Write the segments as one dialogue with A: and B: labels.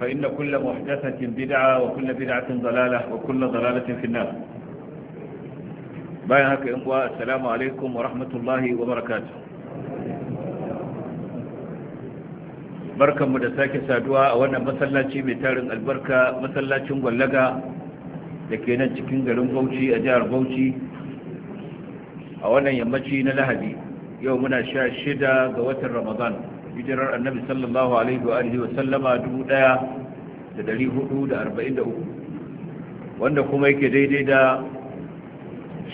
A: فإن كل محدثة بدعة وكل بدعة ضلالة وكل ضلالة في النار باي هكا إنقوى السلام عليكم ورحمة الله وبركاته barkanmu da sake saduwa a wannan masallaci mai tarin albarka masallacin gwallaga da ke cikin garin bauchi a jihar bauchi a wannan yammaci na lahadi yau muna sha shida ga watan ramadan hijirar annabi sallallahu alaihi wa alihi wa sallama 1443 wanda kuma yake daidai da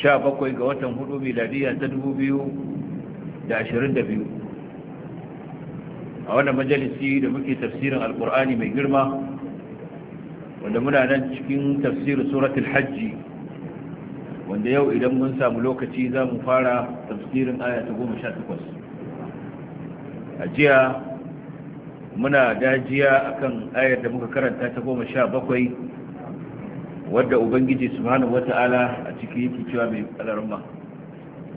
A: 17 ga watan 4 miladiya ta 2022 a wannan majalisi da muke tafsirin alkur'ani mai girma wanda muna nan cikin tafsirin suratul hajji wanda yau idan mun samu lokaci za mu fara tafsirin aya ta 18 a jiya muna dajiya akan ayar da muka karanta ta goma sha bakwai wadda ubangiji subhanahu wata'ala a ciki yake cewa mai alarma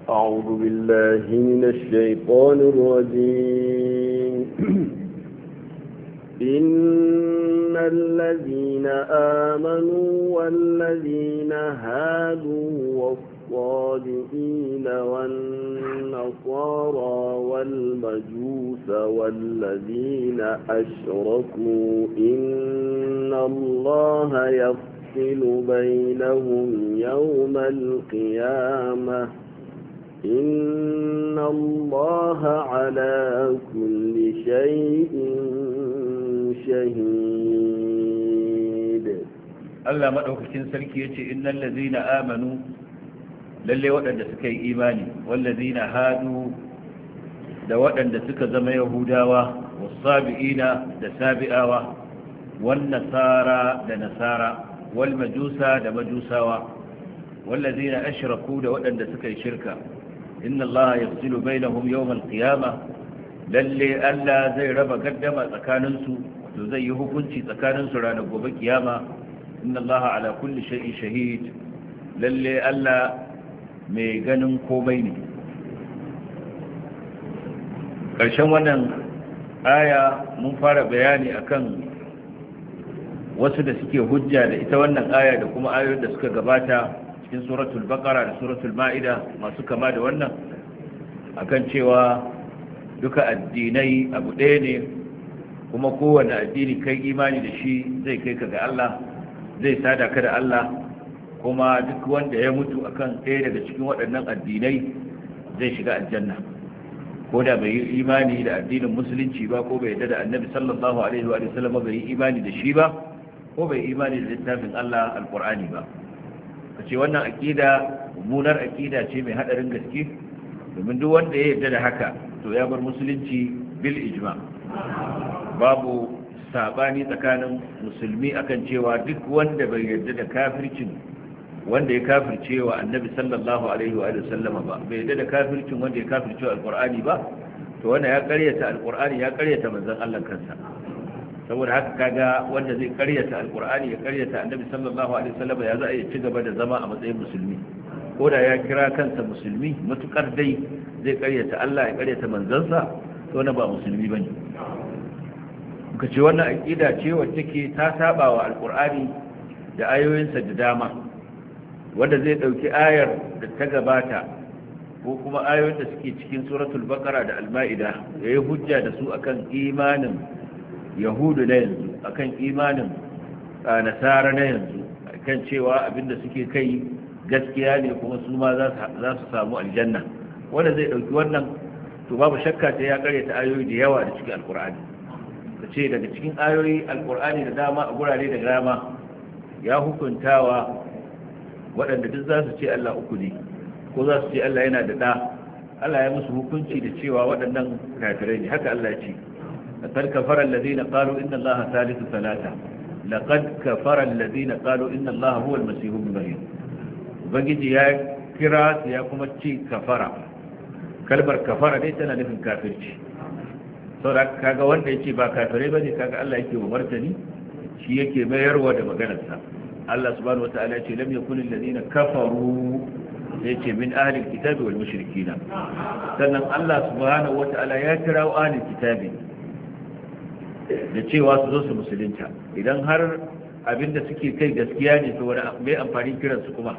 A: أعوذ بالله من الشيطان الرجيم إن الذين آمنوا والذين هادوا الصالحين والنصارى والمجوس والذين أشركوا إن الله يفصل بينهم يوم القيامة إن الله على كل شيء شهيد الله مدعوك كن سلكي إن الذين آمنوا lalle waɗanda suka yi imani wallazina hadu da waɗanda suka zama yahudawa wasabi'ina da sabi'awa wan nasara da nasara wal majusa da majusawa wallazina ashraku da waɗanda suka yi shirka inna allaha yafsilu bainahum yawm al-qiyamah lalle Allah zai raba gaddama tsakaninsu to zai yi hukunci tsakaninsu ranar gobe kiyama inna allaha ala kulli shay'in shahid lalle Allah mai ganin komai ne ƙarshen wannan aya mun fara bayani akan wasu da suke hujja da ita wannan aya da kuma ayoyin da suka gabata cikin suratul baqara da suratul ma'ida masu kama da wannan akan cewa duka addinai abu ɗaya ne kuma kowane addini kai imani da shi zai kai ka ga Allah zai sada ka da Allah kuma duk wanda ya mutu akan ɗaya daga cikin waɗannan addinai zai shiga aljanna ko da bai yi imani da addinin musulunci ba ko bai yadda da annabi sallallahu alaihi wa sallam bai yi imani da shi ba ko bai yi imani da littafin Allah alqur'ani ba kace wannan aƙida mummunar aƙida ce mai haɗarin gaske domin duk wanda ya yarda da haka to ya bar musulunci bil ijma babu sabani tsakanin musulmi akan cewa duk wanda bai yarda da kafircin wanda ya kafirce wa annabi sallallahu alaihi wa sallama ba bai yadda da kafircin wanda ya kafirce wa alqur'ani ba to wanda ya karyata alqur'ani ya karyata manzon Allah kansa saboda haka kaga wanda zai karyata alqur'ani ya karyata annabi sallallahu alaihi wa sallama ya za a ci gaba da zama a matsayin musulmi ko da ya kira kansa musulmi matukar dai zai karyata Allah ya karyata manzansa to wanda ba musulmi bane kace wannan aqida ce wacce take ta saba wa alqur'ani da ayoyinsa da dama wanda zai ɗauki ayar da ta gabata ko kuma ayoyin da suke cikin suratul bakara da alma'ida ya yi hujja da su akan imanin yahudu na yanzu akan imanin nasara na yanzu akan cewa abinda suke kai gaskiya ne kuma su ma za su samu aljanna wanda zai ɗauki wannan to babu shakka ta ya karyata ayoyi da yawa da cikin Alƙur'ani. ta daga cikin ayoyi alkur'ani da dama a gurare da dama ya hukuntawa waɗanda duk za su ce Allah uku ne ko za su ce Allah yana da ɗa Allah ya musu hukunci da cewa waɗannan kafirai ne haka Allah ce laqad kafara alladhina qalu inna Allaha thalithu thalatha laqad kafara alladhina qalu inna Allaha huwa al-masih ibn maryam ubangiji ya kira su ya kuma ce kafara kalmar kafara dai tana nufin kafirci saboda kaga wanda yake ba kafirai bane kaga Allah yake wa martani shi yake mayarwa da maganarsa Allah subhanahu wataala ce lam yakun alladhina kafaru yace min ahli alkitabi wal mushrikina sannan Allah subhanahu wataala ya kirawo ahli kitabi da cewa su zo su musulunta idan har abinda suke kai gaskiya ne to wani mai amfani kiran su kuma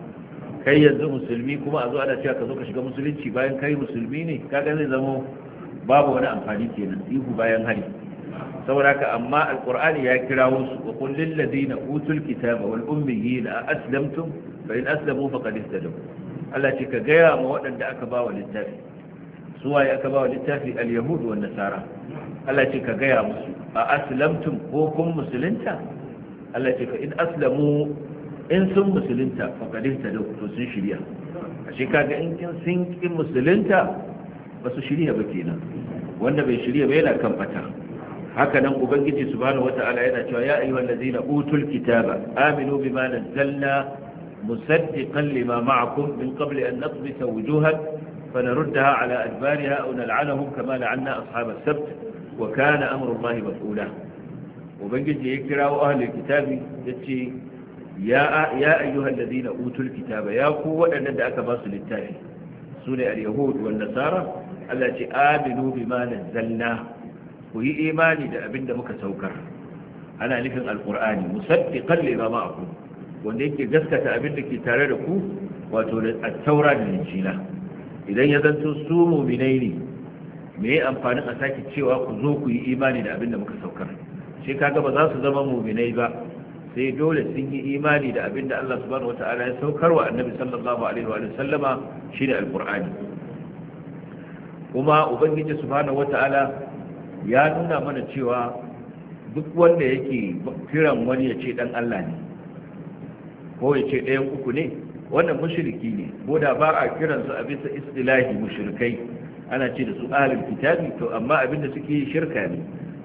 A: kai yanzu musulmi kuma a zo ana cewa ka zo ka shiga musulunci bayan kai musulmi ne kaga zai zama babu wani amfani kenan ihu bayan hari saboda haka amma alkur'ani ya kirawo su wa qul lil ladina utul kitaba wal ummiyin aslamtum fa in aslamu faqad istadamu Allah ce ka gaya ma waɗanda aka ba wa littafi su waye aka ba wa littafi al yahud wa nasara Allah ce ka gaya musu a aslamtum ko kun musulunta Allah ce fa in aslamu in sun musulunta faqad istadamu to sun shirya ashe kaga in sun kin musulunta ba su shirya ba kenan wanda bai shirya ba yana kan fata hakanan ubangiji subhanahu wata'ala yana cewa ya ayyuhal ladzina utul kitaba aminu bima nazzalna musaddiqan lima ma'akum min qabl an nadbisa wujuhan fanaruddaha ala adbariha aw nal'anahum kama la'anna ashab as-sabt wakana kana amru allahi ubangiji ya kira wa ahli kitabi yace ya ya ayyuhal ladzina utul kitaba ya ku wadannan da aka basu littafi sune al-yahud wan nasara Allah ce aminu bima nazzalna ku yi imani da abin da muka saukar ana nufin alkur'ani musaddiqan lima ma'akum wanda yake gaskata abin da ke tare da ku wato da taura da injila idan ya zanto su mu'minai ne me amfanin a sake cewa ku zo ku yi imani da abin da muka saukar sai kaga ba za su zama mu'minai ba sai dole sun yi imani da abin da Allah subhanahu wata'ala ya saukar wa annabi sallallahu alaihi wa sallama shi da kuma ubangiji subhanahu wata'ala ya nuna mana cewa duk wanda yake kiran wani ya ce dan Allah ne ko ya ce ɗayan uku ne wannan mushriki ne ko da ba a kiran su a bisa istilahi mushrikai ana ce da su ahlul kitabi to amma abinda suke shirka ne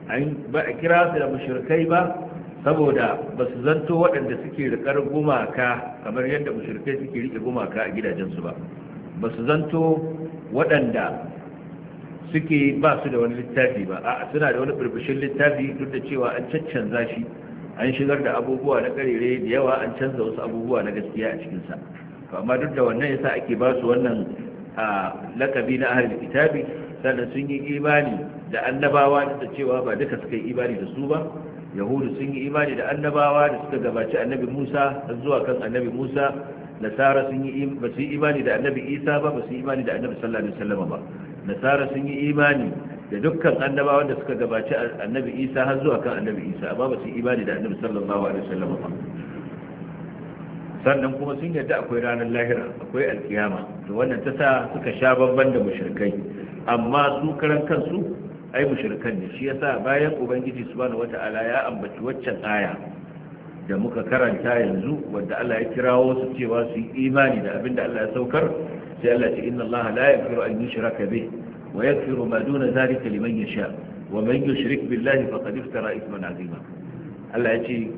A: an ba a kira su da mushrikai ba saboda ba su zanto waɗanda suke riƙar gumaka kamar yadda mushrikai suke riƙe gumaka a gidajensu ba ba su zanto waɗanda suke ba su da wani littafi ba a suna da wani burbushin littafi duk da cewa an caccanza shi an shigar da abubuwa na karere da yawa an canza wasu abubuwa na gaskiya a cikinsa amma duk da wannan yasa ake ba su wannan lakabi na ahalin kitabi sannan sun yi imani da annabawa da cewa ba duka suka yi imani da su ba yahudu sun yi imani da annabawa da suka gabaci annabi musa har zuwa kan annabi musa nasara sun yi ba su yi imani da annabi isa ba ba su yi imani da annabi sallallahu alaihi wasallam ba nasara sun yi imani da dukkan annabawa da suka gabaci annabi isa har zuwa kan annabi isa amma ba su imani da annabi sallallahu alaihi wasallam ba sannan kuma sun yarda akwai ranar lahira akwai alkiyama to wannan ta sa suka sha babban da mushrikai amma su karan kansu ai mushrikan ne shi yasa bayan ubangiji subhanahu wata'ala ya ambaci waccan aya da muka karanta yanzu wanda Allah ya kirawo su cewa su yi imani da abinda Allah ya saukar sai Allah ce inna Allah la yaghfiru an yushraka bih wa yaghfiru ma duna zalika liman yasha wa man yushrik billahi faqad iftara ithman azima Allah ya ce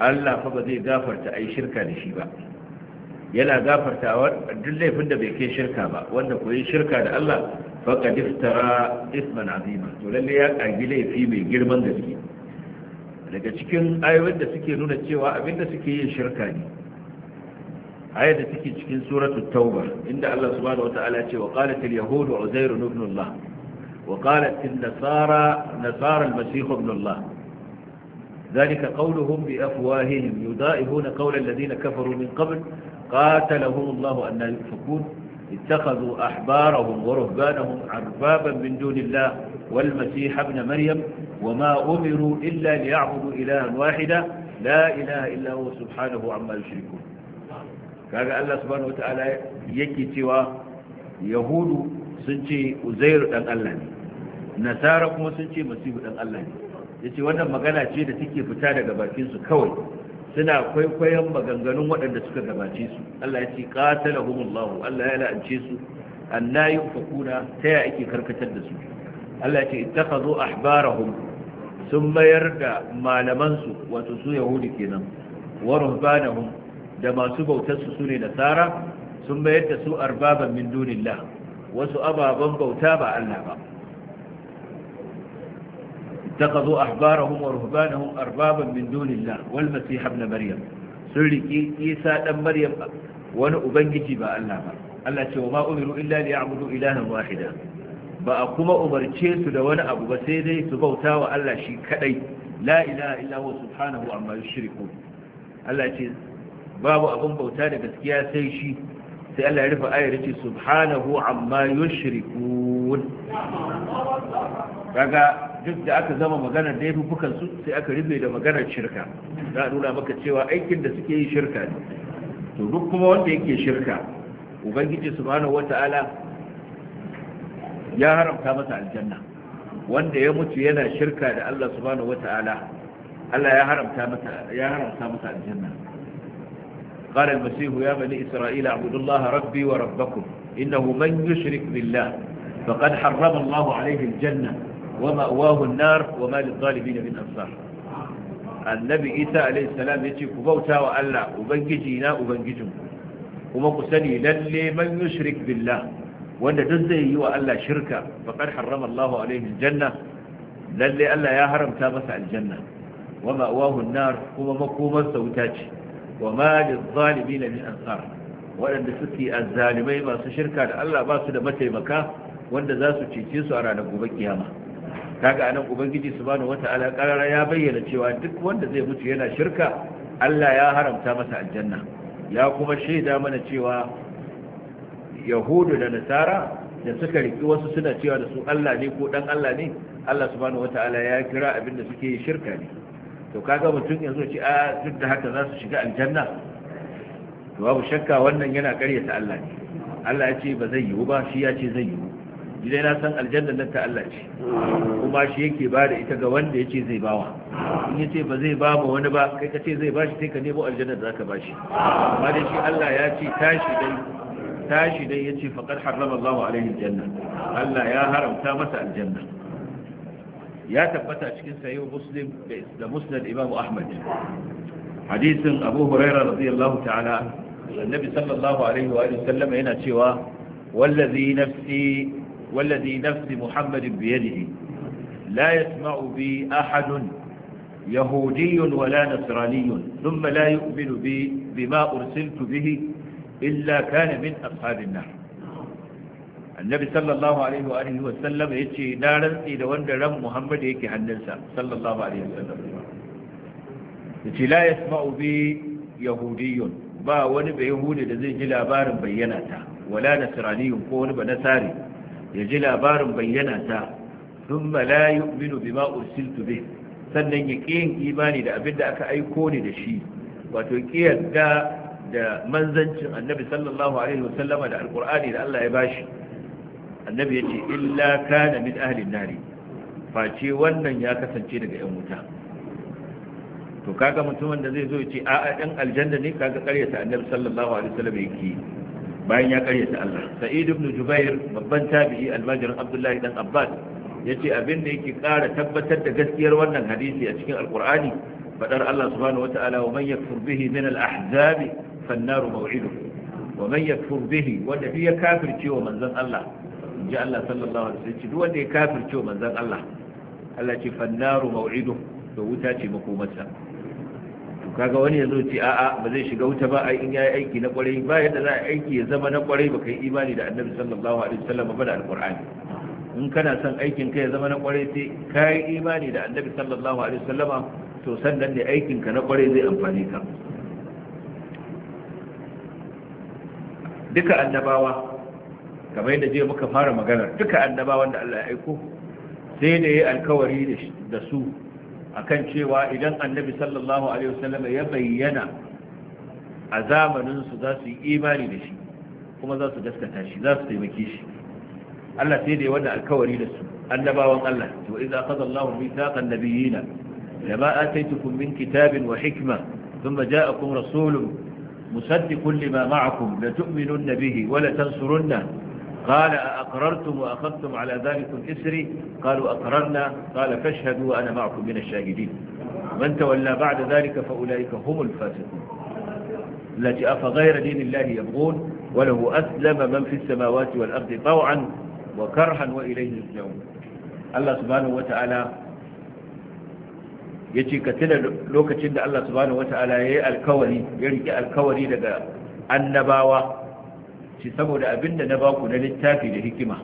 A: Allah fa ba zai gafarta yi shirka da shi ba yana a duk laifin da bai kai shirka ba wanda ko yi shirka da Allah faqad iftara ithman azima to lalle ya kagi laifi mai girman gaske daga cikin ayoyin da suke nuna cewa abinda suke yin shirka ne ayar آية da سورة التوبة suratul الله سبحانه وتعالى subhanahu wataala ya ce wa qalat al yahud uzair ibn Allah wa ذلك قولهم بأفواههم يضائهون قول الذين كفروا من قبل قاتلهم الله أن يؤفكون اتخذوا أحبارهم ورهبانهم عربابا من دون الله والمسيح ابن مريم وما أمروا إلا ليعبدوا إلها واحدا لا إله إلا هو سبحانه عما يشركون kaga Allah subhanahu wata'ala yake cewa yahudu sun ce uzairu dan Allah ne nasara kuma sun ce masihu dan Allah ne yace wannan magana ce da take fita daga bakin su kawai suna kwaikwayon maganganun waɗanda suka gabace su Allah ya ce qatalahumullahu Allah ya la'ance su anna yufakuna ta ya ake karkatar da su Allah ya ce ittakhadhu ahbarahum sun mayar da malaman su wato su yahudi kenan wa ruhbanahum da masu bautarsu su ne nasara sun mayar da su arbaban min dunillah wasu ababen bauta ba Allah ba daga zo a bara hun waru ba na hun maryam sun riƙi isa ɗan maryam wani ubangiji ba Allah ba Allah ce wa ma'umiru illa ne ya amudu wahida ba a kuma umarce su da wani abu ba sai dai su bauta wa Allah shi kaɗai la ilaha illa wa subhanahu amma yushriku Allah ce babu abin bauta da gaskiya sai shi sai Allah ya rufe ayar ce subhanahu amma yushrikun kaga duk da aka zama maganar da yafi fukan su sai aka rufe da maganar shirka za a nuna maka cewa aikin da suke yi shirka ne to duk kuma wanda yake shirka ubangiji subhanahu wata'ala ya haramta masa aljanna wanda ya mutu yana shirka da Allah subhanahu wata'ala Allah ya haramta masa ya haramta masa aljanna قال المسيح يا بني إسرائيل اعبدوا الله ربي وربكم إنه من يشرك بالله فقد حرم الله عليه الجنة ومأواه النار وما للظالمين من أنصار النبي إيسى عليه السلام يتي كبوتا وألا أبنججينا أبنججم وما قسني للي من يشرك بالله وأن دزي وألا شركة فقد حرم الله عليه الجنة للي ألا يا هرم تامس الجنة ومأواه النار وما مقوما سوتاتي wa zalimi na min ansar waɗanda suke azzalimai masu shirka da Allah ba su da mataimaka wanda za su cece su a ranar gobe kiyama kaga anan ubangiji subhanahu wataala karara ya bayyana cewa duk wanda zai mutu yana shirka Allah ya haramta masa aljanna ya kuma shaida mana cewa yahudu da nasara da suka riki wasu suna cewa da su Allah ne ko dan Allah ne Allah subhanahu wataala ya kira abin da suke shirka ne to kaga mutum yanzu ce a ah, duk da haka za su shiga aljanna to babu shakka wannan yana karyata Allah ne Allah ya ce ba zai yiwu ba shi ya ce zai yiwu idan na san aljanna nan ta Allah ce kuma shi yake ba da ita ga wanda ya ce zai bawa in ya ce ba zai ba ma wani ba kai ka ce zai ba shi sai ka nemo aljanna da za ka ba shi amma da shi Allah ya ce tashi dai tashi dai ya ce faqad harrama Allahu alaihi aljanna Allah ya haramta masa aljanna ya tabbata cikin sayo muslim da musnad imamu ahmad hadisin abu huraira radiyallahu ta'ala annabi sallallahu alaihi wa sallam yana cewa wallazi nafsi wallazi nafsi muhammadin biyadihi la yasma'u bi ahadun
B: يهودي ولا نصراني ثم لا يؤمن بي بما أرسلت به
A: إلا كان من أصحاب النار annabi sallallahu alaihi wa alihi wa sallam yace na rantsi da wanda ran muhammad yake hannunsa sallallahu alaihi wa sallam yace la yasma'u bi yahudiyyun ba wani bai yahudi da zai ji labarin bayyana ta wala nasraniyyun ko wani ba nasari ya ji labarin bayyana ta thumma la yu'minu bima ursiltu bih sannan ya kiyin imani da abin da aka aiko ni da shi wato kiyarda da manzancin annabi sallallahu alaihi wa sallama da alqur'ani da Allah ya bashi annabi ya ce illa kana min ahlin nari face wannan ya kasance daga yan wuta to kaga mutumin da zai zo ya ce a 'yan ɗan aljanna ne kaga karyata annabi sallallahu alaihi wasallam yake bayan ya karyata Allah sa'id ibn jubair babban tabi'i almajirin abdullahi dan abbas yace abin da yake ƙara tabbatar da gaskiyar wannan hadisi a cikin alqur'ani fadar Allah subhanahu wataala wa man yakfur bihi min al-ahzabi fan-nar maw'iduhu wa man yakfur bihi wanda bi ya kafirce wa manzon Allah in ji Allah sallallahu alaihi wasallam ce duk wanda ya kafirce manzon Allah Allah ce fannaru mau'idu to wuta ce makomarsa to kaga wani yazo ce a'a ba zai shiga wuta ba ai in yayi aiki na kwarai ba yadda za a aiki ya zama na kwarai ba kai imani da Annabi sallallahu alaihi wasallam ba da alqur'ani in kana son aikin ka ya zama na kwarai sai kai imani da Annabi sallallahu alaihi wasallama to sannan ne aikin ka na kwarai zai amfane ka duka annabawa kamar yadda jiya muka fara magana duka annabawan da Allah ya aiko sai da ya alkawari da su akan cewa idan annabi sallallahu alaihi wasallam ya bayyana a zamanin su za su yi imani da shi kuma za su gaskata shi za su taimake shi Allah sai da ya alkawari da su annabawan Allah to idza qada Allahu mithaqan nabiyina lama ataytukum min kitabin wa hikma thumma ja'akum rasulun musaddiqun lima ma'akum la tuminun bihi wa la tansurunna قال أقررتم وأخذتم على ذلكم إسري قالوا أقررنا قال فاشهدوا وأنا معكم من الشاهدين من تولى بعد ذلك فأولئك هم الفاسقون التي أفغير دين الله يبغون وله أسلم من في السماوات والأرض طوعا وكرها وإليه يرجعون الله سبحانه وتعالى yace ka tuna lokacin da Allah subhanahu wataala yayi alkawari ya rike alkawari daga annabawa ce abin da na baku na littafi da hikima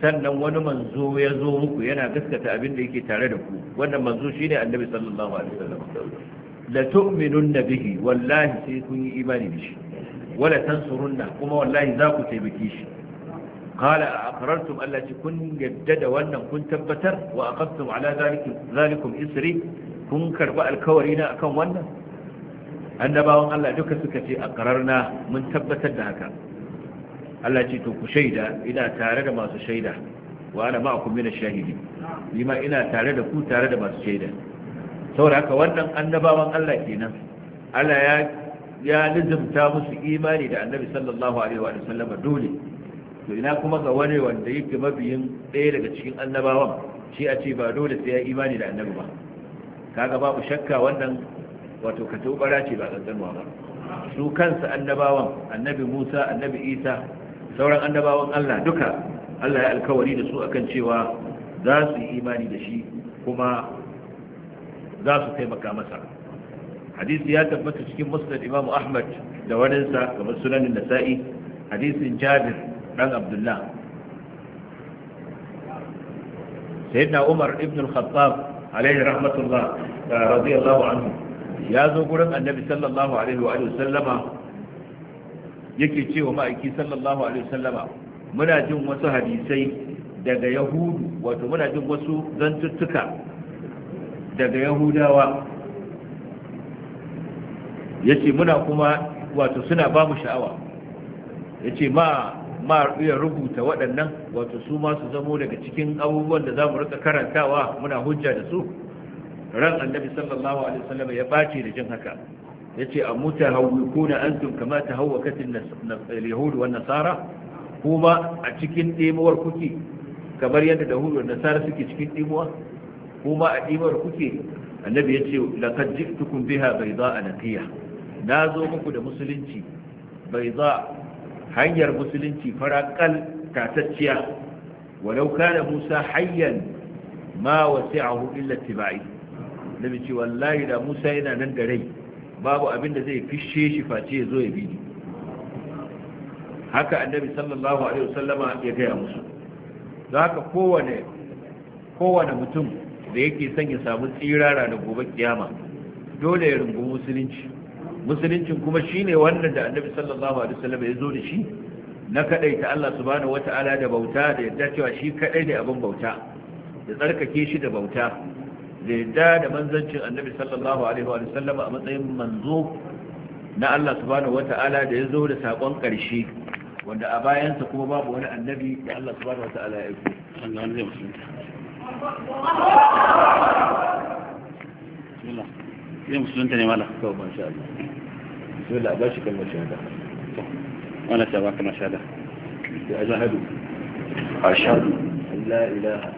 A: sannan wani manzo ya zo muku yana gaskata abinda yake tare da ku wannan manzo shine annabi sallallahu alaihi wasallam la tu'minunna bihi wallahi sai kun yi imani shi wala tansurunna kuma wallahi za ku taimake shi qala aqrartum allati kun yaddada wannan kun tabbatar wa aqadtum ala zalikum isri kun karba alkawari na akan wannan annabawan Allah duka suka ce na mun tabbatar da haka Allah ce to ku shaida ina tare da masu shaida wa ana ma'akum min ash-shahidin ni ma ina tare da ku tare da masu shaida saboda haka wannan annabawan Allah kenan Allah ya ya lizumta musu imani da Annabi sallallahu alaihi wa sallam dole to ina kuma ga wani wanda yake mabiyin ɗaya daga cikin annabawan shi a ce ba dole sai ya imani da Annabi ba kaga babu shakka wannan wato katubara ce ba tsantsanwa ba su kansa annabawan annabi Musa annabi Isa sauran annabawan Allah duka Allah ya alkawari da su akan cewa za su yi imani da shi kuma za su taimaka masa hadisi ya tabbata cikin musnad Imam Ahmad da waninsa kamar sunanin Nasa'i hadisin Jabir dan Abdullah sayyidina Umar ibn al-Khattab alaihi rahmatullah radiyallahu anhu ya zo gurin annabi sallallahu alaihi wa sallama yake cewa ma'aiki sallallahu alaihi wasallama muna jin wasu hadisai daga yahudu wato muna jin wasu zantuttuka daga yahudawa yace muna kuma wato suna ba mu sha'awa yace ma ma iya rubuta waɗannan wato su ma su zamo daga cikin abubuwan da za mu rika karantawa muna hujja da su ran annabi sallallahu alaihi wasallam ya bace da jin haka yace a mutu mutahawwikuna antum kama tahawwakat al Yahudu wa nasara kuma a cikin dimuwar kuke kamar yadda da hudu nasara suke cikin dimuwa kuma a dimuwar kuke annabi ya ce yace laqad ji'tukum biha bayda'a Na zo muku da musulunci bai za? hanyar musulunci faraqal tatacciya walau kana musa hayyan ma a illa tibai nabi ce wallahi da musa yana nan da rai babu abin da zai fishe shi face ya zo ya bi haka annabi sallallahu alaihi wasallama ya gaya musu zaka kowane kowane mutum da yake son ya samu tsirara da gobe kiyama dole ya rungu musulunci musuluncin kuma shine wannan da annabi sallallahu alaihi wasallama ya zo da shi na ta Allah subhanahu wata'ala da bauta da yadda cewa shi kadai da abin bauta da tsarkake shi da bauta da da manzancin annabi sallallahu alaihi wa sallama a matsayin manzo na Allah subhanahu wata'ala da ya zo da sakon karshe wanda a bayan sa kuma babu wani annabi da Allah subhanahu wata'ala ya yi musulunta ne mala kawai Allah bismillah wala ta ba kalmar da ashhadu ashhadu an la ilaha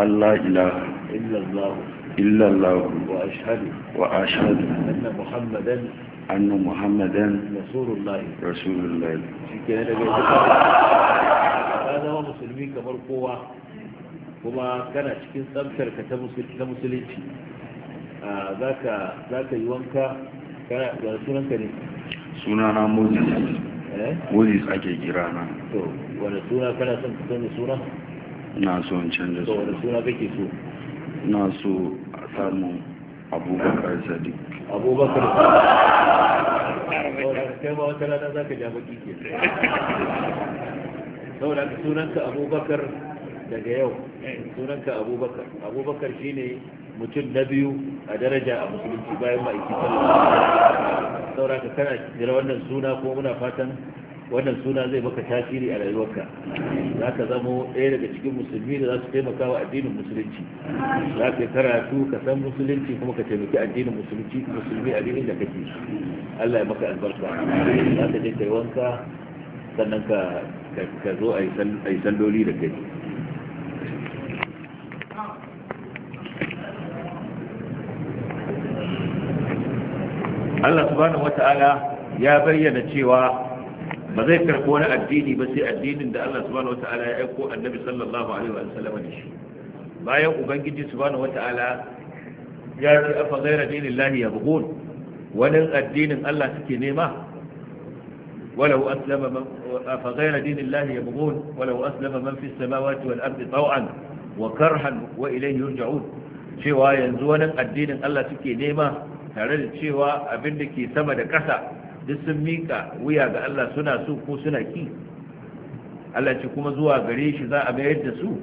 A: an la ilaha إلا الله إلا الله وأشهد وأشهد أن محمدا أن محمدا رسول الله رسول الله شكرا لك هذا هو مسلمين كبر قوة كما كان شكين سمسر كمسلين آه، ذاك ذاك يوانك كان رسولا كني يعني سنانا موزيس موزيس أجي جيرانا ورسولا كان سنسوني سورة نعم سنسوني سورة ورسولا بكي سورة na so a samu abubakar sadiq abubakar sunanka abubakar daga yau sunanka abubakar abubakar ne mutum na biyu a daraja a musulunci bayan ma'aiki sallallahu saboda ka kana jira wannan suna ko muna fatan wannan suna zai maka tasiri a rayuwarka za ka zamo ɗaya daga cikin musulmi da za su taimaka wa addinin musulunci za ka karatu ka san musulunci kuma ka taimaki addinin musulunci musulmi a da kake Allah ya maka albarka za ka je kai wanka sannan ka ka zo a yi salloli da kai Allah subhanahu wata'ala ya bayyana cewa ba zai karɓi wani addini ba sai addinin da Allah subhanahu wata'ala ya aiko annabi sallallahu alaihi wa sallam da shi bayan ubangiji subhanahu wata'ala ya ce afa ghayra dinillahi yabghun wani addinin Allah suke nema ولو أسلم من فغير دين الله يبغون ولو أسلم من في السماوات wa Karhan wa وإليه يرجعون cewa yanzu wani addinin Allah suke nema tare da cewa abin da ke sama da ƙasa duk sun mika wuya ga Allah suna su ko suna ki Allah ce kuma zuwa gare shi za a mayar da su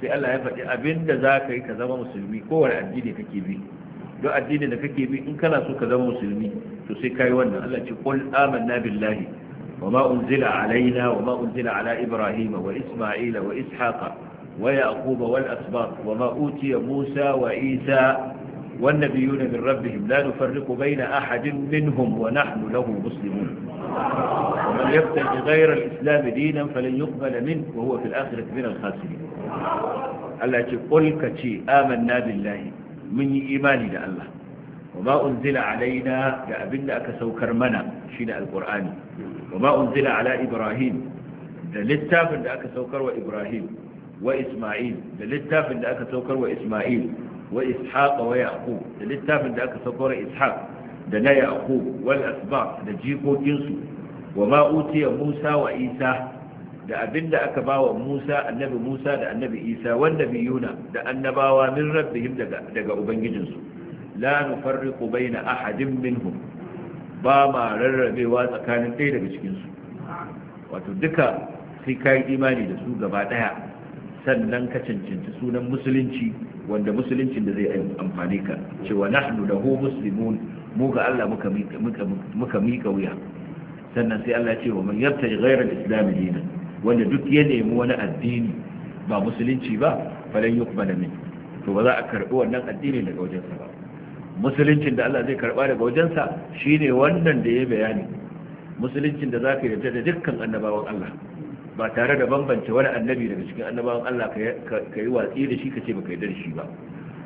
A: sai Allah ya faɗi abin da za ka yi ka zama musulmi kowane addini kake bi don addini da kake bi in kana so ka zama musulmi to sai ka yi wannan Allah ce qul amanna billahi wa ma unzila alaina wa ma unzila ala ibrahima wa isma'ila wa ishaqa wa yaquba wal asbaq wa ma utiya musa wa isa والنبيون من ربهم لا نفرق بين أحد منهم ونحن له مسلمون
B: ومن يبتغي غير
A: الإسلام دينا فلن يقبل منه وهو في الآخرة من الخاسرين التي قل كتي آمنا بالله من إيمان لله وما أنزل علينا لأبن أكسو كرمنا شين القرآن وما أنزل على إبراهيم للتافن لأكسو كرو إبراهيم وإسماعيل للتافن لأكسو كرو إسماعيل wa ishaq wa yaqub da littafin da aka saukar ishaq da na yaqub wal asbab da jikokinsu wa ma utiya musa wa isa da abinda aka bawa musa annabi musa da annabi isa wanda biyuna da annabawa min rabbihim daga daga ubangijinsu la nufarriqu baina ahadin minhum ba ma rarrabewa tsakanin ɗaya daga cikinsu wato duka sai ka yi imani da su gaba ɗaya sannan ka cancanci sunan musulunci wanda musuluncin da zai amfani ka cewa nahnu lahu muslimun mu ga Allah muka muka mika wuya sannan sai Allah ce wa man yartaji ghayra al-islam dinan wanda duk ya nemi wani addini ba musulunci ba falan yuqbala min to ba za a karbi wannan addini daga wajensa ba musuluncin da Allah zai karba daga wajensa shine wannan da ya bayani musuluncin da zaka yarda da dukkan annabawan Allah ba tare da bambance wani annabi daga cikin annabawan Allah ka yi watsi da shi ka ce baka yi da shi ba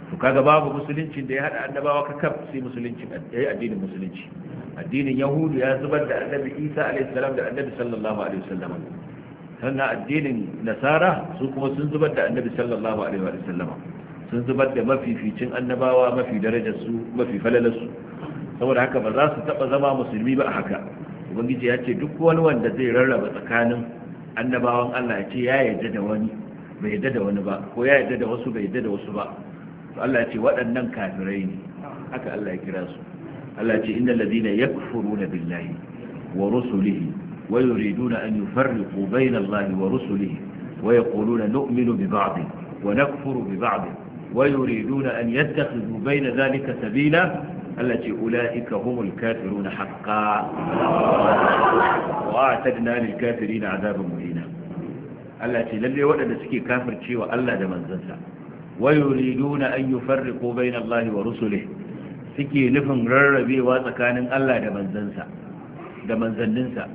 A: to kaga babu musuluncin da ya hada annabawa ka kaf sai musuluncin ya addinin musulunci addinin yahudu ya zubar da annabi isa alaihi salam da annabi sallallahu alaihi wasallam sannan addinin nasara su kuma sun zubar da annabi sallallahu alaihi wasallam sun zubar da mafificin annabawa mafi darajarsu mafi falalarsu saboda haka ba za su taba zama musulmi ba a haka ubangiji ya ce duk wani wanda zai rarraba tsakanin annabawan Allah ya ce ya yarda da wani bai yarda da wani ba ko ya yarda da wasu bai yarda da wasu ba to Allah ce waɗannan kafirai ne haka Allah ya kira su Allah ya ce innal ladina yakfuruna billahi wa rusulihi wa yuriduna an yufarriqu bayna Allahi wa rusulihi wa yaquluna nu'minu bi ba'd wa nakfuru bi ba'd ويريدون أن يتخذوا بين ذلك سبيلا Allah ce ula'ika humul kafiruna haqqa wa atadna lil na azabin muhina Allah ce lalle waɗanda suke kafircewa Allah da manzansa wa yuriduna an yi farri yufarriqu bayna Allah wa rusule. suke nufin rarrabewa tsakanin Allah da manzansa da manzanninsa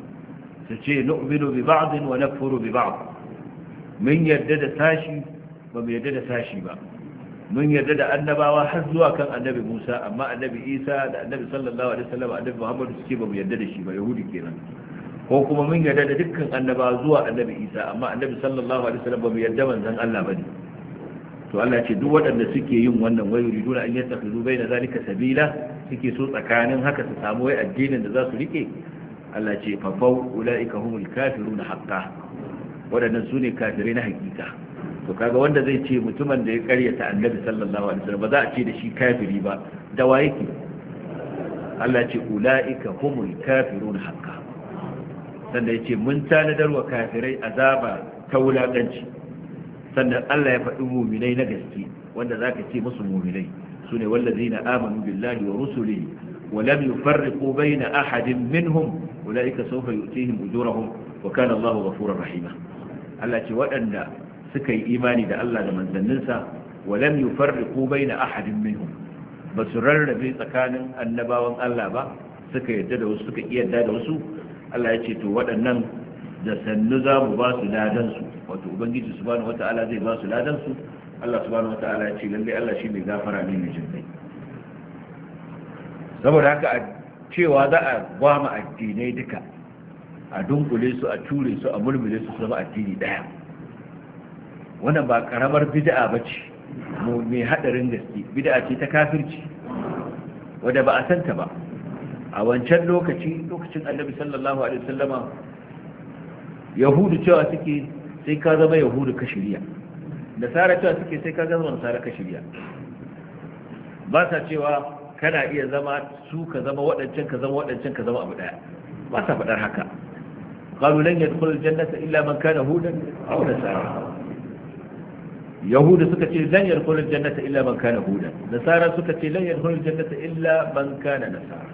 A: su ce nu'minu bi ba'd wa nakfuru bi ba'd mun yarda da sashi ba mu yarda da sashi ba mun yarda da annabawa har zuwa kan annabi Musa amma annabi Isa da annabi sallallahu alaihi wasallam annabi Muhammad suke ba mu yarda da shi ba yahudi kenan ko kuma mun yarda da dukkan annabawa zuwa annabi Isa amma annabi sallallahu alaihi wasallam ba mu yarda manzon Allah bane to Allah ce duk waɗanda suke yin wannan wai yuriduna an yattakhidhu baina zalika sabila suke so tsakanin haka su samu wai addinin da za su rike Allah ce fa fa ulaika humul kafirun haqqan waɗannan sune kafirai na hakika to kaga wanda zai ce mutumin da ya karyata annabi sallallahu alaihi wasallam ba za a ce da shi kafiri ba da waye ke Allah ce ulaika humul kafirun hakka sannan yace mun tanadar wa kafirai azaba ta wulakanci sannan Allah ya faɗi muminai na gaske wanda zaka ce musu muminai sune wallazina amanu billahi wa rusulihi wa lam yufarriqu baina ahadin minhum ulaika sawfa yu'tihim ujurahum wa kana Allahu ghafurur rahima Allah ce waɗanda suka yi imani da Allah da manzanninsa walam yufarriqu baina ahadin minhum ba su rarrabe tsakanin annabawan Allah ba suka yarda da wasu suka yadda da wasu Allah ya ce to waɗannan da sannu za mu ba su ladan su wato ubangiji subhanahu wata'ala zai ba su ladan su Allah subhanahu wata'ala ya ce lalle Allah shi mai gafara ne mai jin saboda haka a cewa za a gwama addinai duka a dunkule su a ture su a mulmule su su zama addini daya wannan ba karamar bid'a bace mai haɗarin gaske bid'a ce ta kafirci wadda ba a santa ba a wancan lokaci lokacin annabi sallallahu alaihi wasallama yahudu cewa suke sai ka zama yahudu ka shirya nasara cewa suke sai ka zama nasara ka shirya ba sa cewa kana iya zama su ka zama waɗancan ka zama waɗancan ka zama abu ɗaya ba sa faɗar haka قالوا لن يدخل الجنة إلا من كان هودا أو نصارى yahuda suka ce lan da jannata illa man kana huda nasara suka ce lan da jannata illa man kana nasara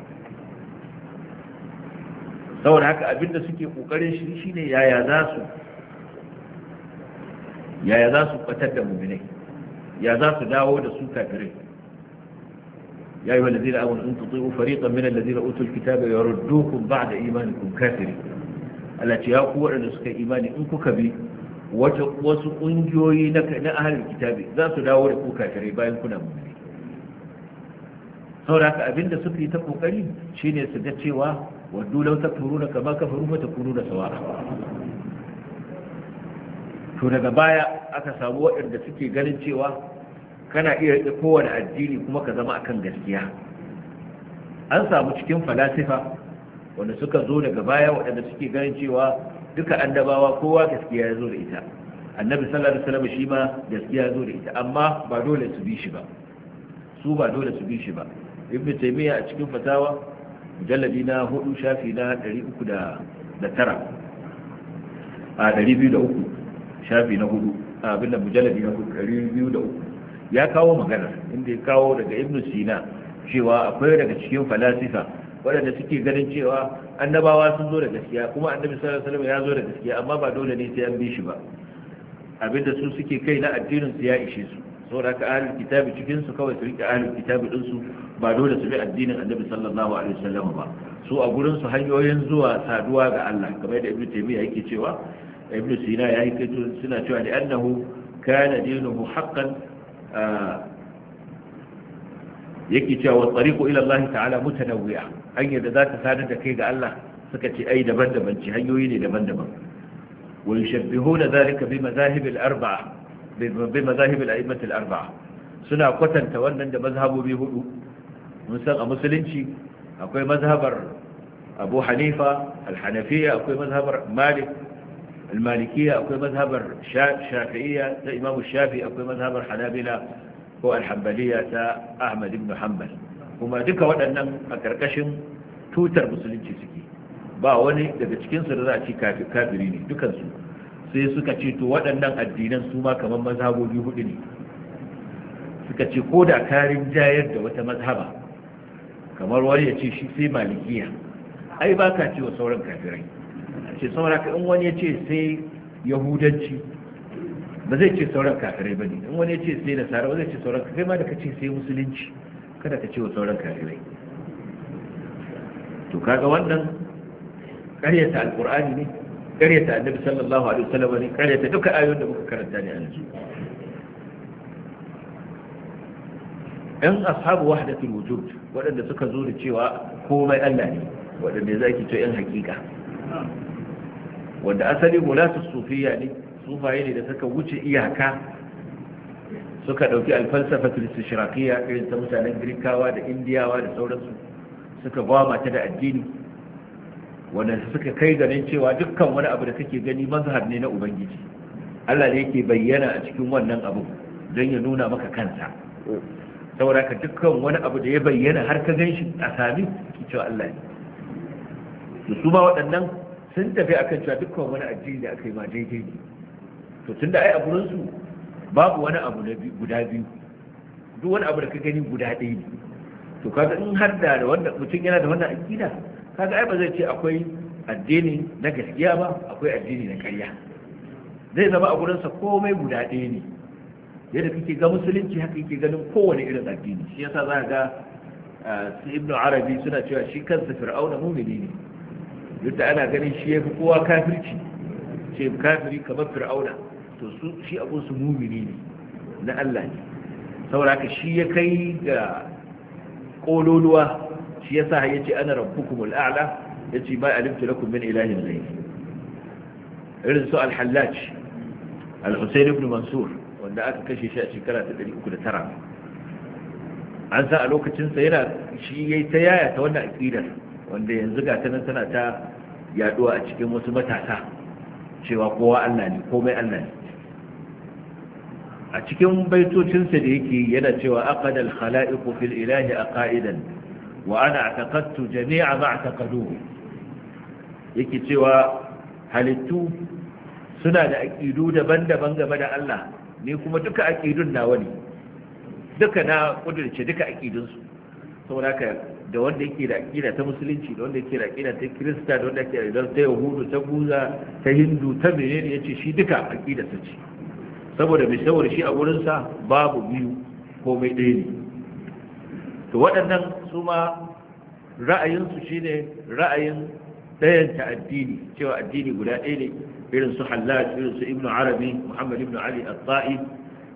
A: saboda haka abinda suke kokarin shi shine yaya za su yaya za su batar da mu'minai ya za su dawo da su kafirai ya yi walazi da awon in tutu fariqan min allazina utul kitaba yaruddukum ba'da imanikum kafirin Allah ce ya ku waɗanda suka imani in kuka bi wasu ƙungiyoyi na ahalin kitabi za su dawo da ku kafirai bayan kuna mummuni saboda ka abinda suka yi ta kokari shine su ga cewa ta turu da kama kafaru kunu da sawa to daga baya aka samu waɗanda suke ganin cewa kana iya rike kowane addini kuma ka zama akan gaskiya an samu cikin falasifa wanda suka zo daga baya waɗanda suke ganin cewa duka annabawa kowa gaskiya ya zo da ita annabi sallallahu alaihi wasallam shi ma gaskiya ya zo da ita amma ba dole su bi shi ba su ba dole su bi shi ba ibnu taymiya a cikin fatawa mujalladi na hudu shafi na 309 a 203 shafi na hudu a da mujalladi na hudu 203 ya kawo magana inda ya kawo daga ibnu sina cewa akwai daga cikin falasifa waɗanda suke ganin cewa annabawa sun zo da gaskiya kuma annabi sallallahu alaihi ya zo da gaskiya amma ba dole ne sai an bi shi ba abinda su suke kai na addinin su ya ishe su saboda ka ahlul kitabi cikin su kawai su rike ahlul kitabi din su ba dole su bi addinin annabi sallallahu alaihi wasallam ba su a gurin su hanyoyin zuwa saduwa ga Allah kamar yadda ibnu taymiya yake cewa Ibn sina ya yi kaito suna cewa da annahu kana dinuhu haqqan ah, yake cewa wa tariqu ila Allah ta'ala mutanawwi'a hanyar da za ta sadar da kai ga Allah suka ce ai daban-daban ce hanyoyi ne daban-daban wa yushabbihuna zalika bi mazahib al-arba'a bi mazahib al-a'immat al-arba'a suna kwatanta wannan da mazhabobi hudu mun san a musulunci akwai mazhabar Abu Hanifa al-Hanafiyya akwai mazhabar Malik المالكية أو مذهب الشافعية إمام الشافعي أو مذهب الحنابلة هو الحنبلية أحمد بن حنبل kuma duka waɗannan a ƙarƙashin tutar musulunci suke ba wani daga cikinsu da za a ci kafiri ne dukansu sai suka ce to waɗannan addinan su ma kamar mazhabobi hudu ne suka ce ko da karin jayar da wata mazhaba kamar wani ya ce shi sai malikiya ai ba ka ce wa sauran kafirai ce saboda in wani ya ce sai yahudanci ba zai ce sauran kafirai ba ne in wani ya ce sai nasara ba zai ce sauran kafirai ma da ka ce sai musulunci kada ka ce wa sauran kafirai to kaga wannan karyata alkur'ani ne karyata annabi sallallahu alaihi wasallam ne karyata duka ayoyin da muka karanta ne a yanzu ɗan ashabu wahdatul wujud waɗanda suka zo da cewa komai Allah ne waɗanda ki ce 'yan hakika wanda asali gulatul sufiya ne sufaye ne da suka wuce iyaka suka ɗauki alfalsafatul istishraqiyya irin ta mutanen girkawa da indiyawa da sauransu suka gwama ta da addini wanda suka kai ganin cewa dukkan wani abu da kake gani mazhab ne na ubangiji Allah ne yake bayyana a cikin wannan abu don ya nuna maka kansa saboda ka dukkan wani abu da ya bayyana har ka gan shi a sami ki cewa Allah ne su ma waɗannan sun tafi akan cewa dukkan wani addini da aka yi ma daidai ne to tunda ai a gurin su babu wani abu guda biyu duk wani abu da ka gani guda ɗaya ne to kaga in har da wanda mutum yana da wannan akida kaga ai ba zai ce akwai addini na gaskiya ba akwai addini na ƙarya zai zama a gurinsa komai guda ɗaya ne yadda kake ga musulunci haka kake ganin kowane irin addini shi yasa za ga su ibnu arabi suna cewa shi kansa fir'auna mumini ne duk da ana ganin shi ya fi kowa kafirci ce kafiri kamar fir'auna to su shi abun mumini ne na Allah ne saboda shi ya kai ga ƙololuwa shi sa ya ce ana rabbukumul a'la yace ba aliftu lakum min ilahin ghayr irin su al-hallaj al-husayn ibn mansur wanda aka kashe shi a shekara ta 309 an sa a lokacinsa yana shi yayi ta yaya ta wannan aƙidar wanda yanzu ga ta nan tana ta yaduwa a cikin wasu matasa cewa kowa Allah ne komai Allah ne a cikin baitocinsa da yake yana cewa aqadal khalaiqu fil ilahi aqaidan wa ana ataqadtu jami'a ma ataqaduhu yake cewa halittu suna da aqidu daban-daban game da Allah ni kuma duka aqidun nawa ne duka na kudurce duka aqidun su saboda haka da wanda yake da aqida ta musulunci da wanda yake da aqida ta kirista da wanda yake da ta yahudu ta guza ta hindu ta menene yace shi duka aqida ta ce saboda mai saboda shi a wurinsa babu biyu ko mai ɗaya ne to waɗannan su ma ra'ayinsu shine ra'ayin ɗayan ta addini cewa addini guda ɗaya ne irin su hallaj irin su ibnu arabi muhammad ibnu ali at taib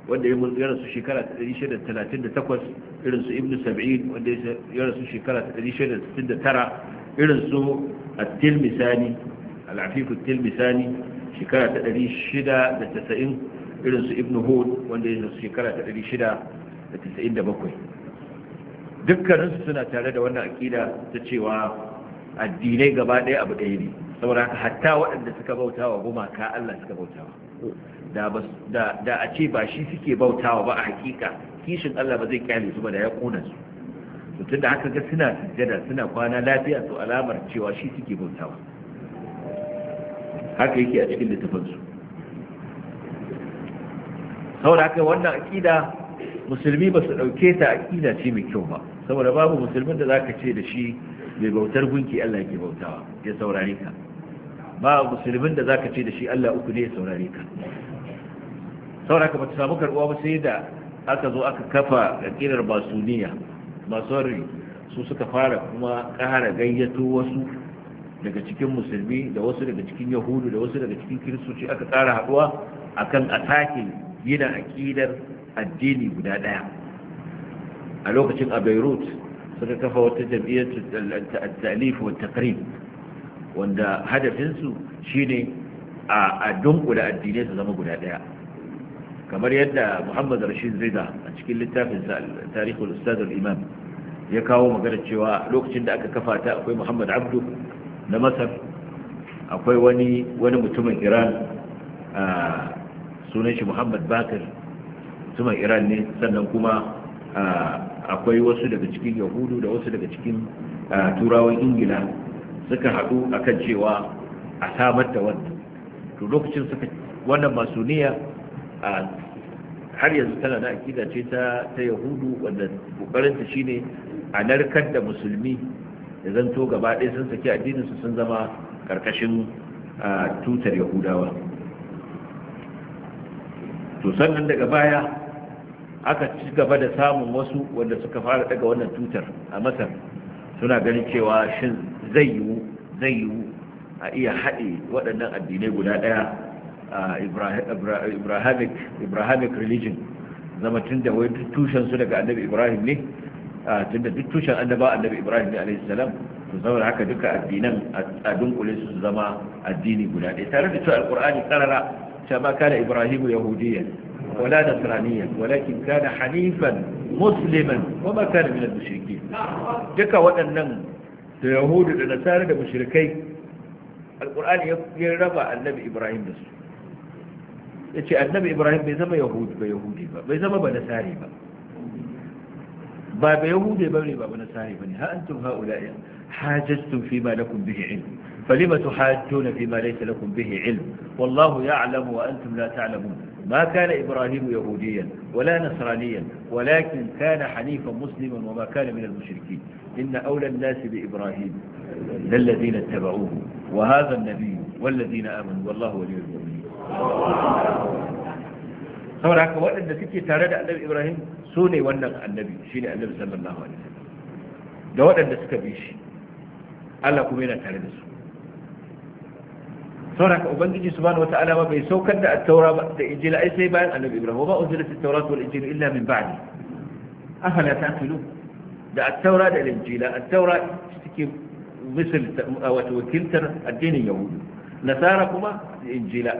A: wanda ya rasu shekara ta 638 irin su ibnu sab'in wanda ya rasu shekara ta 669 irin su at-tilmisani al-afif at-tilmisani shekara ta 690 irin su ibnu hud wanda ya rasu shekara ta 697 dukkaninsu suna tare da wannan akida ta cewa addinai gaba ɗaya abu ɗaya ne saboda haka hatta waɗanda suka bautawa gumaka Allah suka bautawa da a ce ba shi suke bautawa ba a hakika kishin Allah ba zai kyale su ba da ya kona su Mutum da haka ga suna sujjada suna kwana lafiya su alamar cewa shi suke bautawa haka yake a cikin littafin su da haka wannan akida musulmi ba su dauke ta akida ce mai kyau ba saboda babu musulmin da zaka ce da shi mai bautar gunki Allah yake bautawa ya saurare ka ba musulmin da zaka ce da shi Allah uku ne ya saurare ka sauraka ba ta samu karbuwa ba sai da aka zo aka kafa ƙirar masuniya masori su suka fara kuma ƙara gayyato wasu daga cikin musulmi da wasu daga cikin yahudu da wasu daga cikin kiristoci aka ƙara haɗuwa akan atake gina aƙidar addini guda ɗaya a lokacin a beirut suka kafa wata jam'iyyar talif wa takrib wanda hadafinsu shine a dunkula addinai su zama guda ɗaya kamar yadda muhammad rashid zaida a cikin littafin tarihul ustadul imam ya kawo magana cewa lokacin da aka kafa ta akwai muhammad abdu na masar akwai wani wani mutumin iran sunan shi muhammad bakir mutumin iran ne sannan kuma akwai wasu daga cikin yahudu da wasu daga cikin turawan ingila suka haɗu akan cewa a samar da wannan to lokacin suka wannan masuniya a har yanzu tana da akida ce ta ta yahudu wanda kokarin ta shine a narkar da musulmi da zanto gaba ɗaya sun saki addinin su sun zama karkashin tutar yahudawa to sannan daga baya aka ci gaba da samun wasu wanda suka fara daga wannan tutar a masar suna ganin cewa shin zai yiwu zai yiwu a iya haɗe waɗannan addinai guda ɗaya ibrahimic religion zama tun da wai tushensu daga annabi ibrahim ne tun da duk tushen annaba annabi ibrahim ne alaihissalam to saboda haka duka addinan a dunkule su zama addini guda ɗaya tare da cewa alkur'ani tsarara cewa ma kana ibrahimu yahudiyya wala nasraniyya walakin kana hanifan musliman wa ma kana min al-mushrikeen duka waɗannan da yahudu da nasara da mushrikai alkur'ani ya raba annabi ibrahim da su ya النبي إبراهيم بيزما يهود بيهود yahudi ba yahudi ba bai zama ba nasari بني ba ba yahudi ba ne ba ba nasari ba تحاجون فيما ليس لكم به علم والله يعلم وأنتم لا تعلمون ما كان إبراهيم يهوديا ولا نصرانيا ولكن كان حنيفا مسلما وما كان من المشركين إن أولى الناس بإبراهيم للذين اتبعوه وهذا النبي والذين آمنوا والله ولي المؤمنين saboda haka waɗanda suke tare da annabi ibrahim su ne wannan annabi shi ne annabi sallallahu alaihi wasallam da waɗanda suka bi shi allah kuma yana tare da su saboda haka ubangiji subhanahu wata'ala alama bai saukar da attaura da injila ai sai bayan annabi ibrahim wa ba unzilat taura taurat wal injil illa min ba'di afala ta'qilu da taura da injila attaura take misal wata wakiltar addinin Yahudu, nasara kuma injila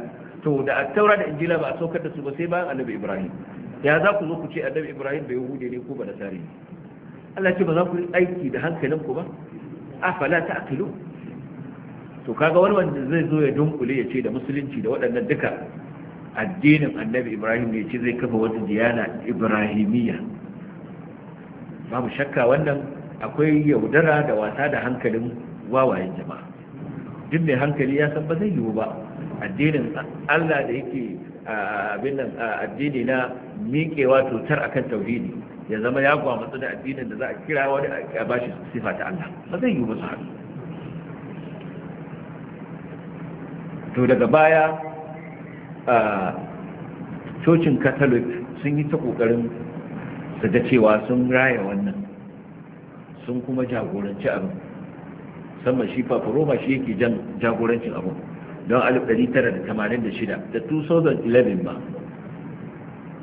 A: to da attaura da injila ba a saukar da su ba sai bayan annabi ibrahim ya za ku zo ku ce annabi ibrahim bai hude ne ko ba da tare Allah ce ba za ku yi aiki da hankalin ku ba ta ta'qilu to kaga wani wanda zai zo ya dunkule ya ce da musulunci da waɗannan duka addinin annabi ibrahim ne ce zai kafa wata diyana ibrahimiyya babu shakka wannan akwai yaudara da wasa da hankalin wawayen jama'a duk mai hankali ya san ba zai yiwu ba addinin Allah da yake abin nan addini na miƙewa cutar akan tauhidi ya zama ya gwamutsu da addinin da za a kira wani a bashi sifa ta Allah ba zai yiwu ba su haɗu to daga baya cocin catholic sun yi ta ƙoƙarin su ga cewa sun raya wannan sun kuma jagoranci abin musamman shi roma shi yake jagorancin abu don 1986 da 2011 ba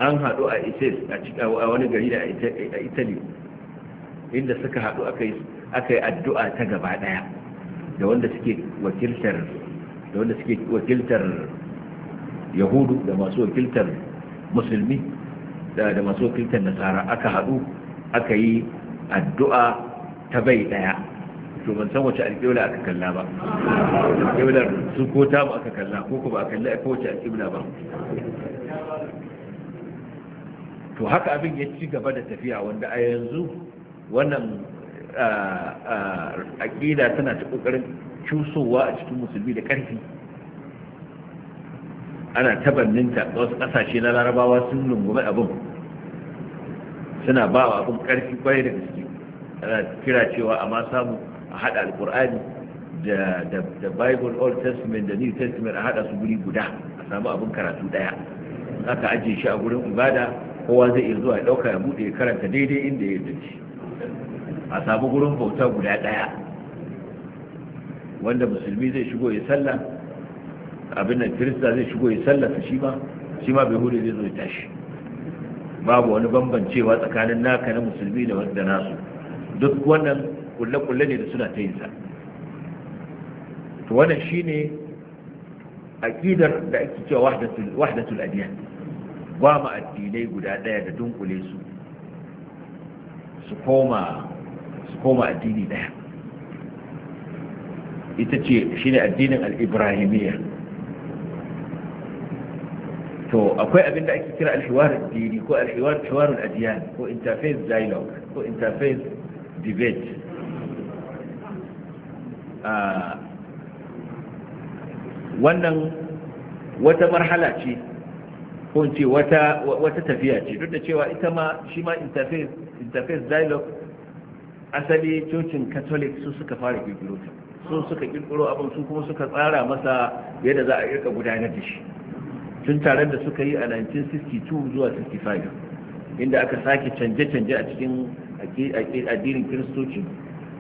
A: an haɗu a isis a wani gari da a italy inda suka haɗu aka yi addu'a ta gaba ɗaya da wanda suke wakiltar da wanda suke wakiltar yahudu da masu wakiltar musulmi da masu wakiltar nasara aka haɗu aka yi addu'a ta bai ɗaya to ban san wace alƙibla aka kalla ba alƙiblar su ko ta ba aka kalla ko ko ba a kalla ko wace alƙibla ba to haka abin ya ci gaba da tafiya wanda a yanzu wannan aƙida tana ta ƙoƙarin cusowa a cikin musulmi da ƙarfi ana tabanninta wasu ƙasashe na larabawa sun lungume abin suna ba wa abin ƙarfi kwarai da gaske ana kira cewa a ma samu a haɗa Alƙur'ani da bible old testament da new testament a haɗa su guri guda a samu abin karatu ɗaya aka ajiye shi a gurin ibada kowa zai iya zuwa ya ɗauka ya buɗe ya karanta daidai inda ya dace a samu gurin bauta guda ɗaya wanda musulmi zai shigo ya sallah abin da kirista zai shigo ya sallah shi ma shi ma bai hudu zai zo ya tashi babu wani bambancewa tsakanin naka na musulmi da wanda nasu duk wannan kulle-kulle ne da suna ta yin sa to wannan ne aƙidar da ake cewa wahdatul wahdatul adiyan gwama addinai guda ɗaya da dunkule su su koma su koma addini daya ita ce shi ne addinin al-ibrahimiyya to akwai abin da ake kira al-hiwar addini ko al-hiwar hiwar adiyan ko interface dialogue ko interface debate wannan wata marhala ce ko ce wata tafiya ce duk da cewa ita ma shi ma interface interface dialogue asali cocin catholic su suka fara kirkiro ta su suka kirkiro abin su kuma suka tsara masa yadda za a irka gudanar da shi tun tare da suka yi a 1962 zuwa 65 inda aka sake canje-canje a cikin addinin kiristoci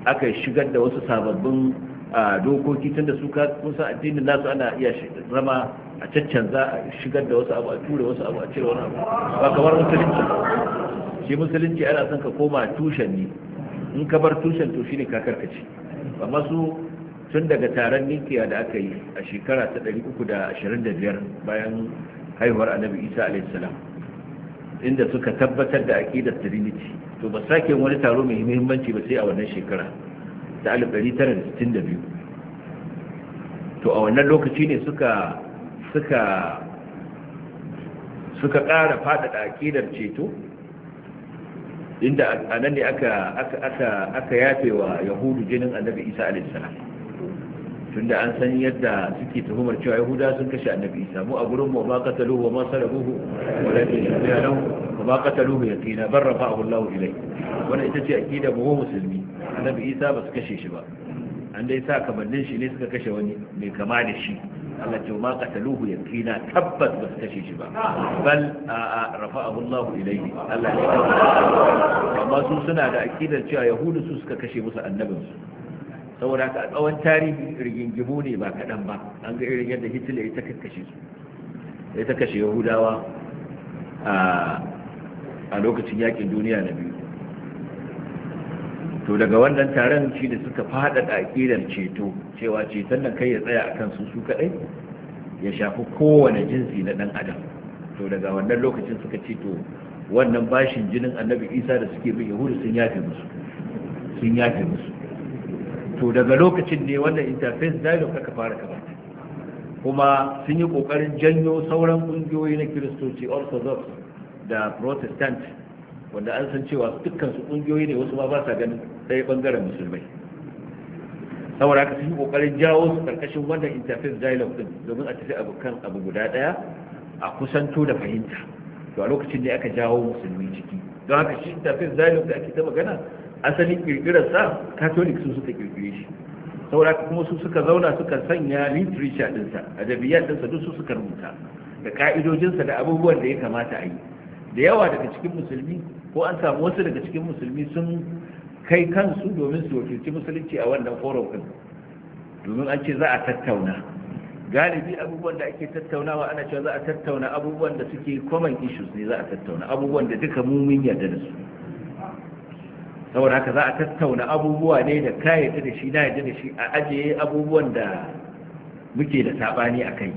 A: aka shigar da wasu sababbin a dokoki tun da su kun san addinin nasu ana iya zama a caccanza a shigar da wasu abu a ture wasu abu a cire wani abu ba kamar musulunci shi musulunci ana son ka koma tushen ne in ka bar tushen to shine ka karkace amma su tun daga taron nikiya da aka yi a shekara ta da biyar bayan haihuwar annabi isa alaihissalam inda suka tabbatar da aƙidar trinity to ba sake wani taro mai muhimmanci ba sai a wannan shekara da 1962 to a wannan lokaci ne suka suka suka ƙara faɗaɗa aƙidar ceto inda a nan ne aka yafe wa yahudu jinin annabi isa alaihissalam tunda an san yadda suke tuhumar cewa yahuda sun kashe annabi isa mu a gurin mu ba qataluhu wa ma salabuhu walakin shubbiha lahu ya ba na yaqina bar a Allah ilai wani ita ce a aqida mu musulmi annabi isa ba su kashe shi ba an dai sa kamannin shi ne suka kashe wani mai kama da shi Allah ce ma qataluhu yaqina tabbas ba su kashe shi ba bal rafa'ahu Allah ilayhi Allah ya amma su suna da akidar cewa yahudu su suka kashe musu annabin su saboda haka tsawon tarihi rigingimu ne ba kaɗan ba an ga irin yadda hitler ya ta kashe su ya ta kashe yahudawa a lokacin yakin duniya na biyu to daga wannan taron shi da suka faɗaɗa akidar ceto cewa ceton nan kai ya tsaya a kansu su kaɗai ya shafi kowane jinsi na ɗan adam to daga wannan lokacin suka ce to wannan bashin jinin annabi isa da suke bin yahudu sun yafe musu sun yafe musu to daga lokacin ne wannan interface dialogue aka fara kamata kuma sun yi kokarin janyo sauran kungiyoyi na kiristoci orthodox da protestant wanda an san cewa dukkan su kungiyoyi ne wasu ma ba sa ganin sai bangaren musulmai saboda haka sun kokarin jawo su ƙarƙashin wannan interface dialogue ɗin domin a tafi abu kan abu guda ɗaya a kusanto da fahimta to a lokacin ne aka jawo musulmi ciki don haka shi interface dialogue da ake ta magana asalin ƙirƙirar sa catholic su suka ƙirƙire shi saboda kuma su suka zauna suka sanya literature ɗinsa adabiyyar sa duk su suka rubuta da ka'idojin sa da abubuwan da ya kamata a yi da yawa daga cikin musulmi ko an samu wasu daga cikin musulmi sun kai kansu domin su wakilci musulunci a wannan forum din domin an ce za a tattauna galibi abubuwan da ake tattaunawa ana cewa za a tattauna abubuwan da suke common issues ne za a tattauna abubuwan da duka mu mun yarda da su saboda haka za a tattauna abubuwa ne da ka ta da shi na yarda da shi a ajiye abubuwan da muke da sabani a kai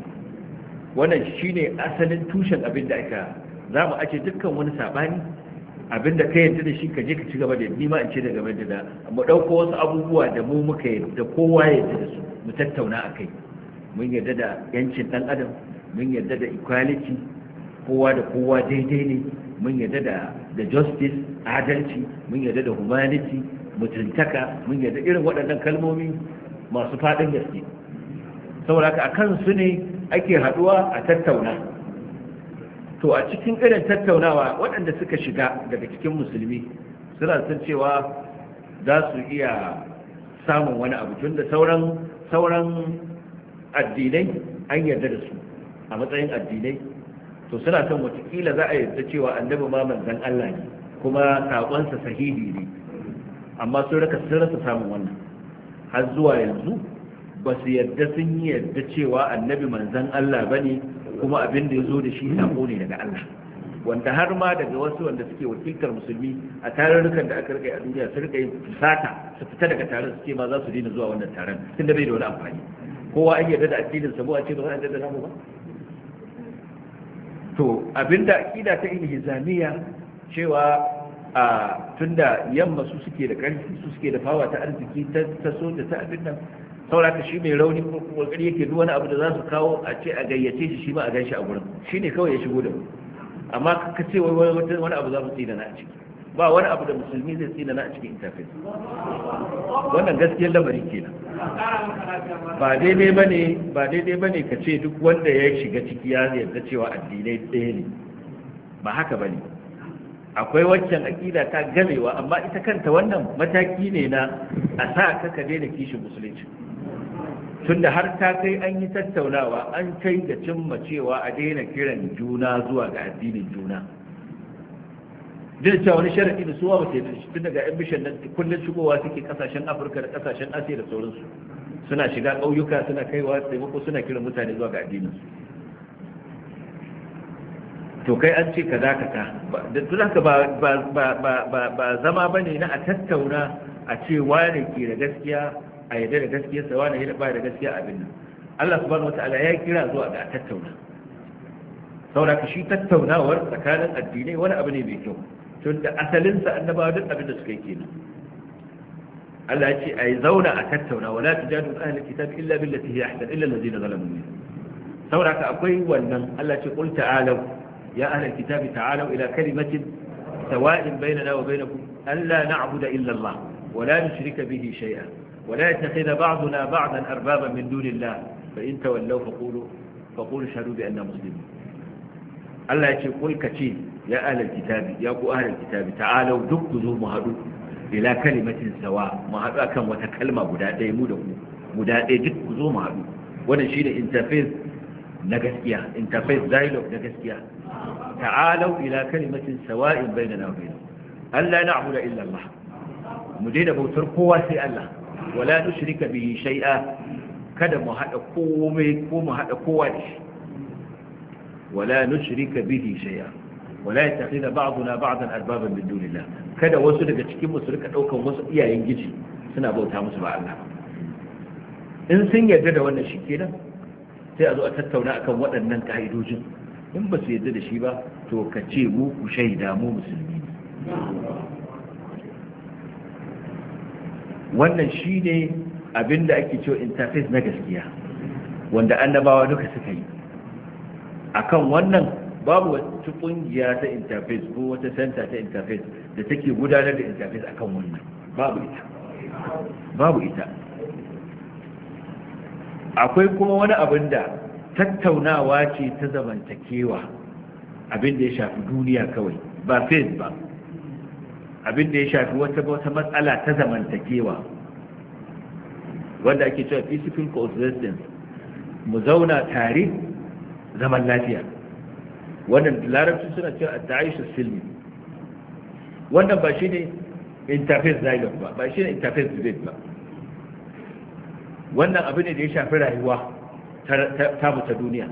A: wannan shine asalin tushen abin da aka za mu ajiye dukkan wani sabani Abin da ka yanzu da shi ka je ka ci gaba da ni ma in ce da gaba da mu dauko wasu abubuwa da mu muka da kowa ya yi da su mu tattauna akai mun yarda da yancin dan adam mun yarda da equality
B: kowa da kowa daidai ne mun yarda da da justice adalci mun yarda da humanity mutuntaka mun yarda irin waɗannan kalmomi
A: masu faɗin gaske saboda haka akan su ne ake haɗuwa a tattauna to a cikin irin tattaunawa waɗanda suka shiga daga cikin musulmi suna san cewa za su iya samun wani abu tun da sauran addinai an yarda da su a matsayin addinai to suna son watakila za a yarda cewa annabi ma manzan Allah ne kuma saƙonsa sahihi ne amma sun raka sun rasa samun wannan har zuwa yanzu ba su yarda sun yi yarda cewa annabi manzon Allah bane kuma abin da ya zo da shi sako ne daga Allah wanda har ma daga wasu wanda suke wakiltar musulmi a tarurrukan da aka rika a duniya su rika yin fusata su fita daga taron su ce ma za su daina zuwa wannan taron tun da bai da wani amfani kowa an yarda da addinin sa a ce ba za a yarda da ba to abinda akida ta ilhizamiya cewa a tunda yamma su suke da ƙarfi su suke da fawa ta arziki ta so da ta abin nan ta shi mai rauni ko gari yake duk wani abu da za su kawo a ce a gayyace shi shi ma a shi a gurin ne kawai ya shigo da mu amma ka ce wani abu za mu tsina na a ciki ba wani abu da musulmi zai tsina na a cikin interface
B: wannan gaskiyar lamari kenan ba daidai
A: ne ba daidai ne ka ce duk wanda ya shiga ciki ya yarda cewa addinai ɗaya ne ba haka ba ne akwai wancan aƙida ta gamewa amma ita kanta wannan mataki ne na a sa ka ka daina kishin musulunci tunda har ta kai an yi tattaunawa an kai da cimma cewa a daina kiran juna zuwa ga addinin juna duk cewa wani sharadi da suwa ba sai tun daga yan bishan nan kullum shigowa suke kasashen afirka da kasashen asiya da sauransu suna shiga ƙauyuka suna kaiwa taimako suna kiran mutane zuwa ga addinin to kai an ce ka za ka ta da tunaka ba zama ba ne na a tattauna a ce wane ke da gaskiya a yadda da gaskiyar sa wani yadda ba da gaskiya abin nan Allah subhanahu wataala ya kira zuwa ga tattauna saboda ka shi tattaunawar tsakanin addinai wani abu ne mai kyau tun da asalin sa annabawa duk abin da suka yi kenan Allah ya ce a yi zauna a tattauna wala tujadu ahli kitab illa billati hiya ahsan illa allazina zalamu minhum saboda ka akwai wannan Allah ya ce qul ta'alu ya ahli kitab ta'alu ila kalimatin sawa'in bainana wa bainakum alla na'budu illa Allah ولا نشرك به شيئا ولا يتخذ بعضنا بعضا أربابا من دون الله فإن تولوا فقولوا فقولوا شهدوا بأننا مسلمون الله يقول كتير يا أهل الكتاب يا أبو أهل الكتاب تعالوا دكتوا مهدوا إلى كلمة سواء مهدوا كم وتكلمة مدادة يمودوا مدادة دكتوا مهدوا وانا شيء انتفاذ نجسيا انتفاذ دايلوج نجسيا تعالوا إلى كلمة سواء بيننا وبينهم ألا نعبد إلا الله مدينة بوتر قوة الله wala nushrika bihi shay'a kada mu hada komai ko mu hada kowa da shi wala nushrika bihi shay'a wala yattakhidha ba'duna ba'dan arbaban min dunillah kada wasu daga cikin mu su rika daukan wasu iyayen giji suna bauta musu ba Allah in sun yarda da wannan shi kenan sai a zo a tattauna akan waɗannan ka'idojin in ba su yarda da shi ba to ka ce mu ku shaida mu musulmi wannan shi ne abin da ake cewa interface na gaskiya wanda annabawa duka suka yi akan wannan babu wata kungiya ta interface ko wata center ta interface da take gudanar da interface akan wannan babu ita babu ita akwai kuma wani abin da tattaunawa ce ta zamantakewa abin da ya shafi duniya kawai ba face ba abin da ya shafi wata wata matsala ta zamantakewa wanda ake cewa physical coexistence mu zauna tare zaman lafiya wannan larabci suna cewa ta'aishu silmi wannan ba shi ne interface dialogue ba ba shi ne interface debate ba wannan abin da ya shafi rayuwa ta mu ta duniya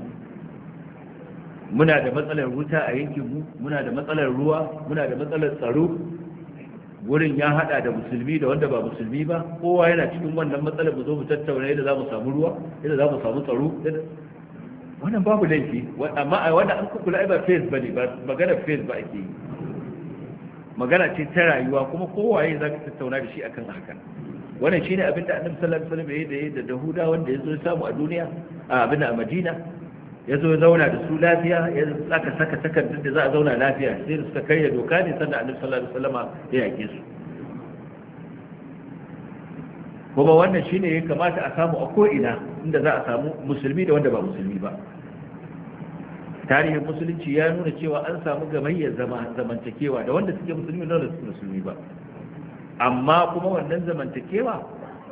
A: muna da matsalar wuta a yankinmu muna da matsalar ruwa muna da matsalar tsaro Wurin ya hada da musulmi da wanda ba musulmi ba kowa yana cikin wannan matsalar mu zo mu tattauna yadda za mu samu ruwa yadda za mu samu tsaro wannan babu laifi amma a wannan an kukula ba face ba ne ba magana face ba ake yi magana ce ta rayuwa kuma kowaye za ka tattauna da shi akan hakan wannan shine abin da annabi sallallahu alaihi wasallam ya yi da da Yahuda wanda ya zo samu a duniya a abin a Madina ya zo zauna da su lafiya ya aka saka takardar da za a zauna lafiya sai da suka karya doka ne sannan annabi sallallahu alaihi ya yake su kuma wannan shine ya kamata a samu a ko'ina inda za a samu musulmi da wanda ba musulmi ba tarihin musulunci ya nuna cewa an samu gamayyar zamantakewa da wanda suke musulmi da wanda musulmi ba amma kuma wannan zamantakewa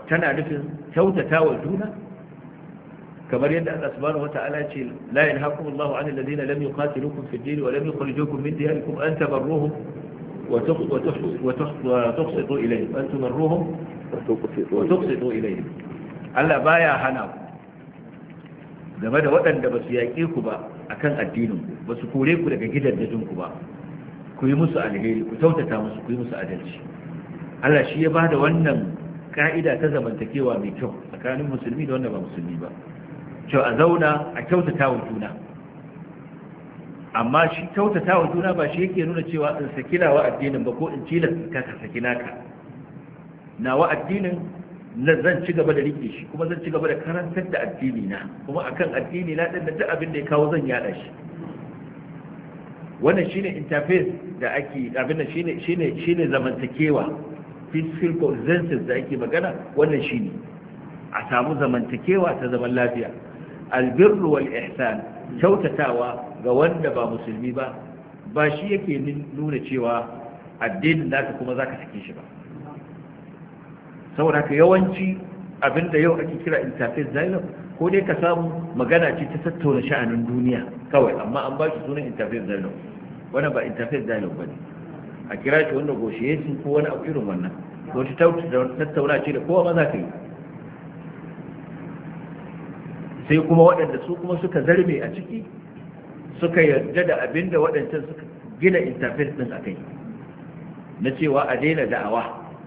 A: tana nufin kyautatawa juna kamar yadda Allah subhanahu wata'ala ce la yanhaqu Allahu 'anil ladina lam yuqatilukum fid din wa lam yukhrijukum min diyarikum an tabarruhum wa tuqsitu ilayhim an tumarruhum wa tuqsitu ilayhim Allah baya hana game da waɗanda ba su yaƙe ku ba akan addinin ku ba su kore ku daga gidajen ku ba ku yi musu alheri ku tautata musu ku yi musu adalci Allah shi ya ba da wannan ka'ida ta zamantakewa mai kyau tsakanin musulmi da wanda ba musulmi ba To a zauna a kyautata wa juna amma shi kyautata wa juna ba shi yake nuna cewa in sakina wa addinin ba ko in tilasta ka ka na wa addinin na zan ci gaba da rike shi kuma zan ci gaba da karantar da addini na kuma akan addini na din da duk abin da ya kawo zan yada shi wannan shine interface da ake abin da shine shine shine zamantakewa physical coexistence da ake magana wannan shine a samu zamantakewa ta zaman lafiya albirru wal ihsan kyautatawa ga wanda ba musulmi ba ba shi yake nuna cewa addinin naka kuma zaka sake shi ba saboda haka yawanci abinda yau ake kira interfaith dialogue ko dai ka samu magana ce ta tattauna sha'anin duniya kawai amma an ba shi sunan interfaith dialogue wannan ba interfaith dialogue bane a kira shi wanda goshe ko wani abu irin wannan ko ta tattauna ce da kowa ma za ka yi sai kuma waɗanda su kuma suka zarme a ciki suka yarda da abin da waɗancan suka gina interface ɗin a kai na cewa a daina da'awa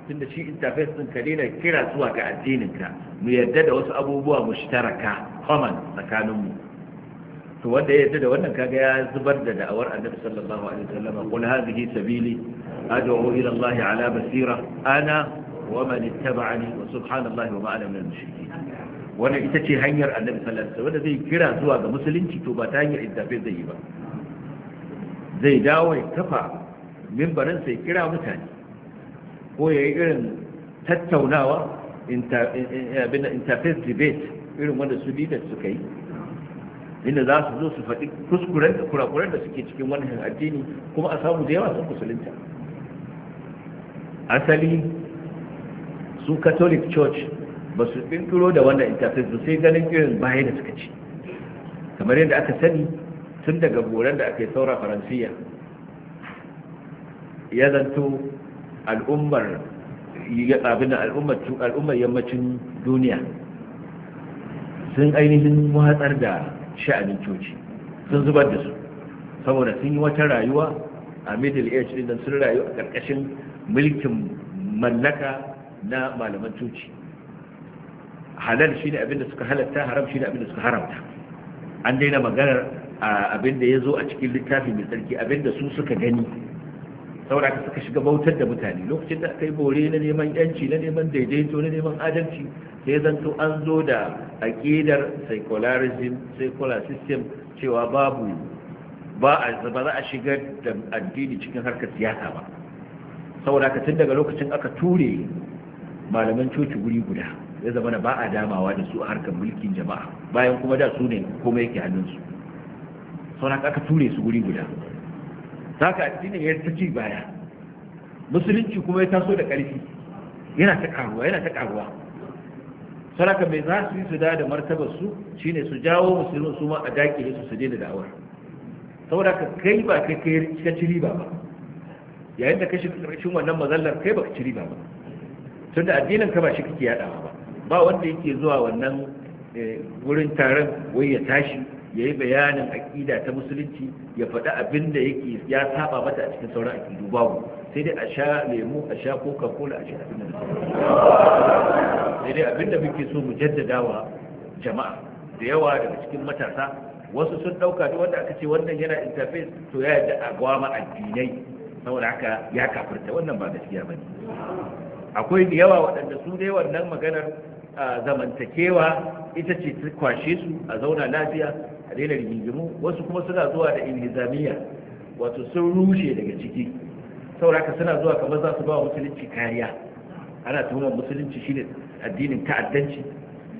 A: tunda shi interface ɗin ka daina kira zuwa ga addininka mu yarda da wasu abubuwa mushtaraka common tsakaninmu to wanda ya yarda da wannan kaga ya zubar da da'awar annabi sallallahu alaihi wasallam qul hadhihi sabili ad'u ila Allah ala basira ana wa man ittaba'ani wa subhanallahi wa ma ana min
B: al-mushrikeen
A: wannan ita ce hanyar annabi sallallahu alaihi wanda zai kira zuwa ga musulunci to ba ta hanyar iddafe zai yi ba zai dawo ya kafa mimbarin sai kira mutane ko ya yi irin tattaunawa interface debate irin wanda su dida suka yi inda za su zo su faɗi kuskuren da kurakuren da suke cikin wannan addini kuma a samu da yawa sun musulunta asali su catholic church ba su ɗinkiro da wannan interface ba sai ganin irin baya da suka ci kamar yadda aka sani tun daga goren da aka yi saura faransiya ya zanto al'ummar abin al'ummar yammacin duniya sun ainihin watsar da sha'anin coci sun zubar da su saboda sun yi wata rayuwa a middle age ɗin sun rayu a ƙarƙashin mulkin mallaka na malaman coci halal ne abin da suka halatta haram ne abin da suka haramta an daina maganar abin da ya zo a cikin littafi mai tsarki abin da su suka gani saboda ka suka shiga bautar da mutane lokacin da aka yi bore na neman yanci na neman daidaito na neman adalci sai zanto an zo da aƙidar secularism secular system cewa babu ba za a shigar da addini cikin harkar siyasa ba saboda ka tun daga lokacin aka ture malaman coci guri guda ya zama na ba a damawa da su a harkar mulkin jama'a bayan kuma da su ne kuma yake hannunsu sauran aka ture su guri guda ka addinin ya ta ci baya musulunci kuma ya taso da ƙarfi yana ta karuwa yana ta karuwa ka mai za su yi su da da martabar su ne su jawo musulmin su ma a da su su daina da'awar saboda ka kai ba kai kai ka ci riba ba yayin da ka shiga karshen wannan mazallar kai ba ka ci riba ba tunda addinin ka ba shi kake yadawa ba ba wanda yake zuwa wannan eh, wurin taron wai ya tashi ya yi bayanin aƙida ta musulunci ya faɗi abin da yake ya saba mata a cikin sauran aƙidu babu sai dai a sha lemu a sha coca cola a sha abin da sai dai abin da muke so mu jaddada wa jama'a da yawa daga cikin matasa wasu sun ɗauka duk wanda aka ce wannan yana interface to ya yadda a gwama addinai saboda haka ya kafirta wannan ba gaskiya ba ne akwai da yawa waɗanda su dai wannan maganar zamantakewa ita ce ta kwashe su a zauna lafiya a daina rigingimu wasu kuma suna zuwa da inhizamiya wato sun rushe daga ciki sauraka suna zuwa kamar za su ba musulunci kariya ana tuhuma musulunci shine addinin ta'addanci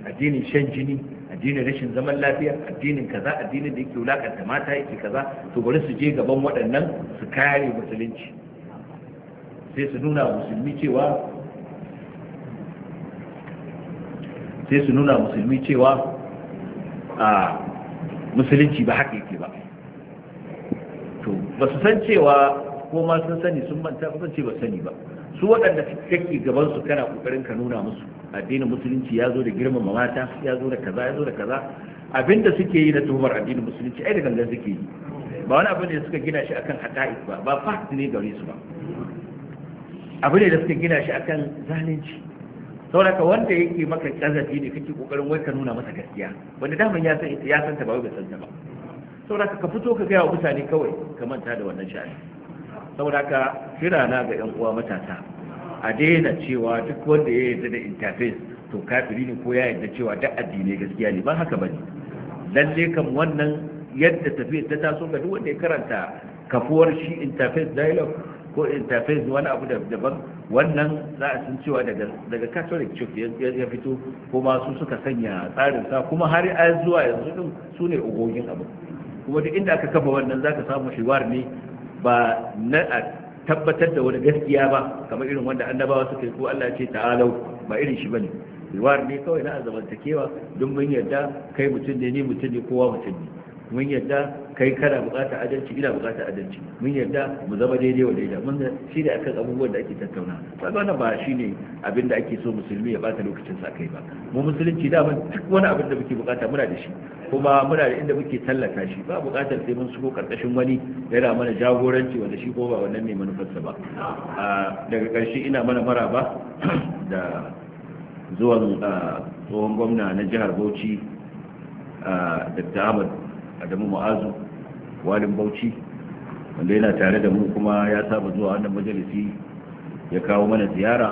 A: addinin shan jini addinin rashin zaman lafiya addinin kaza addinin da yake wulakanta mata yake kaza to bari su je gaban waɗannan su kare musulunci sai su nuna musulmi cewa sai su nuna musulmi cewa a musulunci ba haka yake ba to ba su san cewa ko ma sun sani sun manta ba ce ba sani ba su waɗanda kake gaban su kana kokarin ka nuna musu addinin musulunci ya zo da girmama mata ya zo da kaza ya zo da kaza abinda suke yi na tuhumar addinin musulunci ai da gangan suke yi ba wani abin da suka gina shi akan hada'is ba ba fact ne gare su ba abin da suka gina shi akan zalunci sauraka wanda yake maka kazafi ne kake kokarin wai ka nuna masa gaskiya wanda daman ya san ya san ta ba wai san ta ba sauraka ka fito ka gaya wa mutane kawai ka manta da wannan sha'ani sauraka kira na ga yan uwa matasa a daina cewa duk wanda ya yarda da interface to kafiri ne ko ya yarda cewa duk addinai gaskiya ne ba haka bane lalle kam wannan yadda tafiyar ta taso ga duk wanda ya karanta kafuwar shi interface dialogue ko interface wani abu daban wannan za a sun cewa daga catholic church ya fito kuma su suka sanya tsarin sa kuma har a zuwa yanzu din su ne ugogin abu kuma duk inda aka kafa wannan za ka samu shiwar ne ba na a tabbatar da wani gaskiya ba kamar irin wanda annabawa suka yi ko Allah ce ta'alau ba irin shi bane shiwar ne kawai na azabantakewa don mun yarda kai mutum ne ni mutum ne kowa mutum ne mun yadda kai kana bukatar adalci ina bukatar adalci mun yadda mu zama daidai wa daidai mun shi ne akan abubuwan da ake tattauna wannan ba shi ne abin da ake so musulmi ya bata lokacin sa kai ba mu musulunci da mun duk wani abin da muke bukata muna da shi kuma muna da inda muke tallata shi ba bukatar sai mun shigo karkashin wani yana mana jagoranci wanda shi ko ba wannan ne manufarsa ba daga karshe ina mana maraba da zuwan tsohon gwamna na jihar bauchi dr ahmad adamu Ma'azu, walin bauchi wanda yana tare da mu kuma ya saba zuwa wannan majalisi ya kawo mana ziyara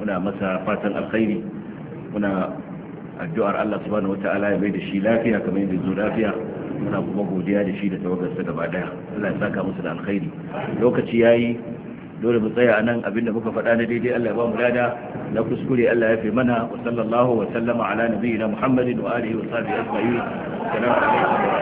A: muna masa fatan alkhairi muna addu'ar Allah subhanahu wataala ya bai da shi lafiya kamar yadda zo lafiya muna kuma godiya da shi da tawagarsa gaba daya Allah ya saka musu da alkhairi lokaci yayi dole mu tsaya anan abinda muka faɗa na daidai Allah ya ba mu lada na kuskure Allah ya fi mana wa sallallahu wa sallama ala nabiyyina Muhammadin wa alihi wa sahbihi ajma'in assalamu alaikum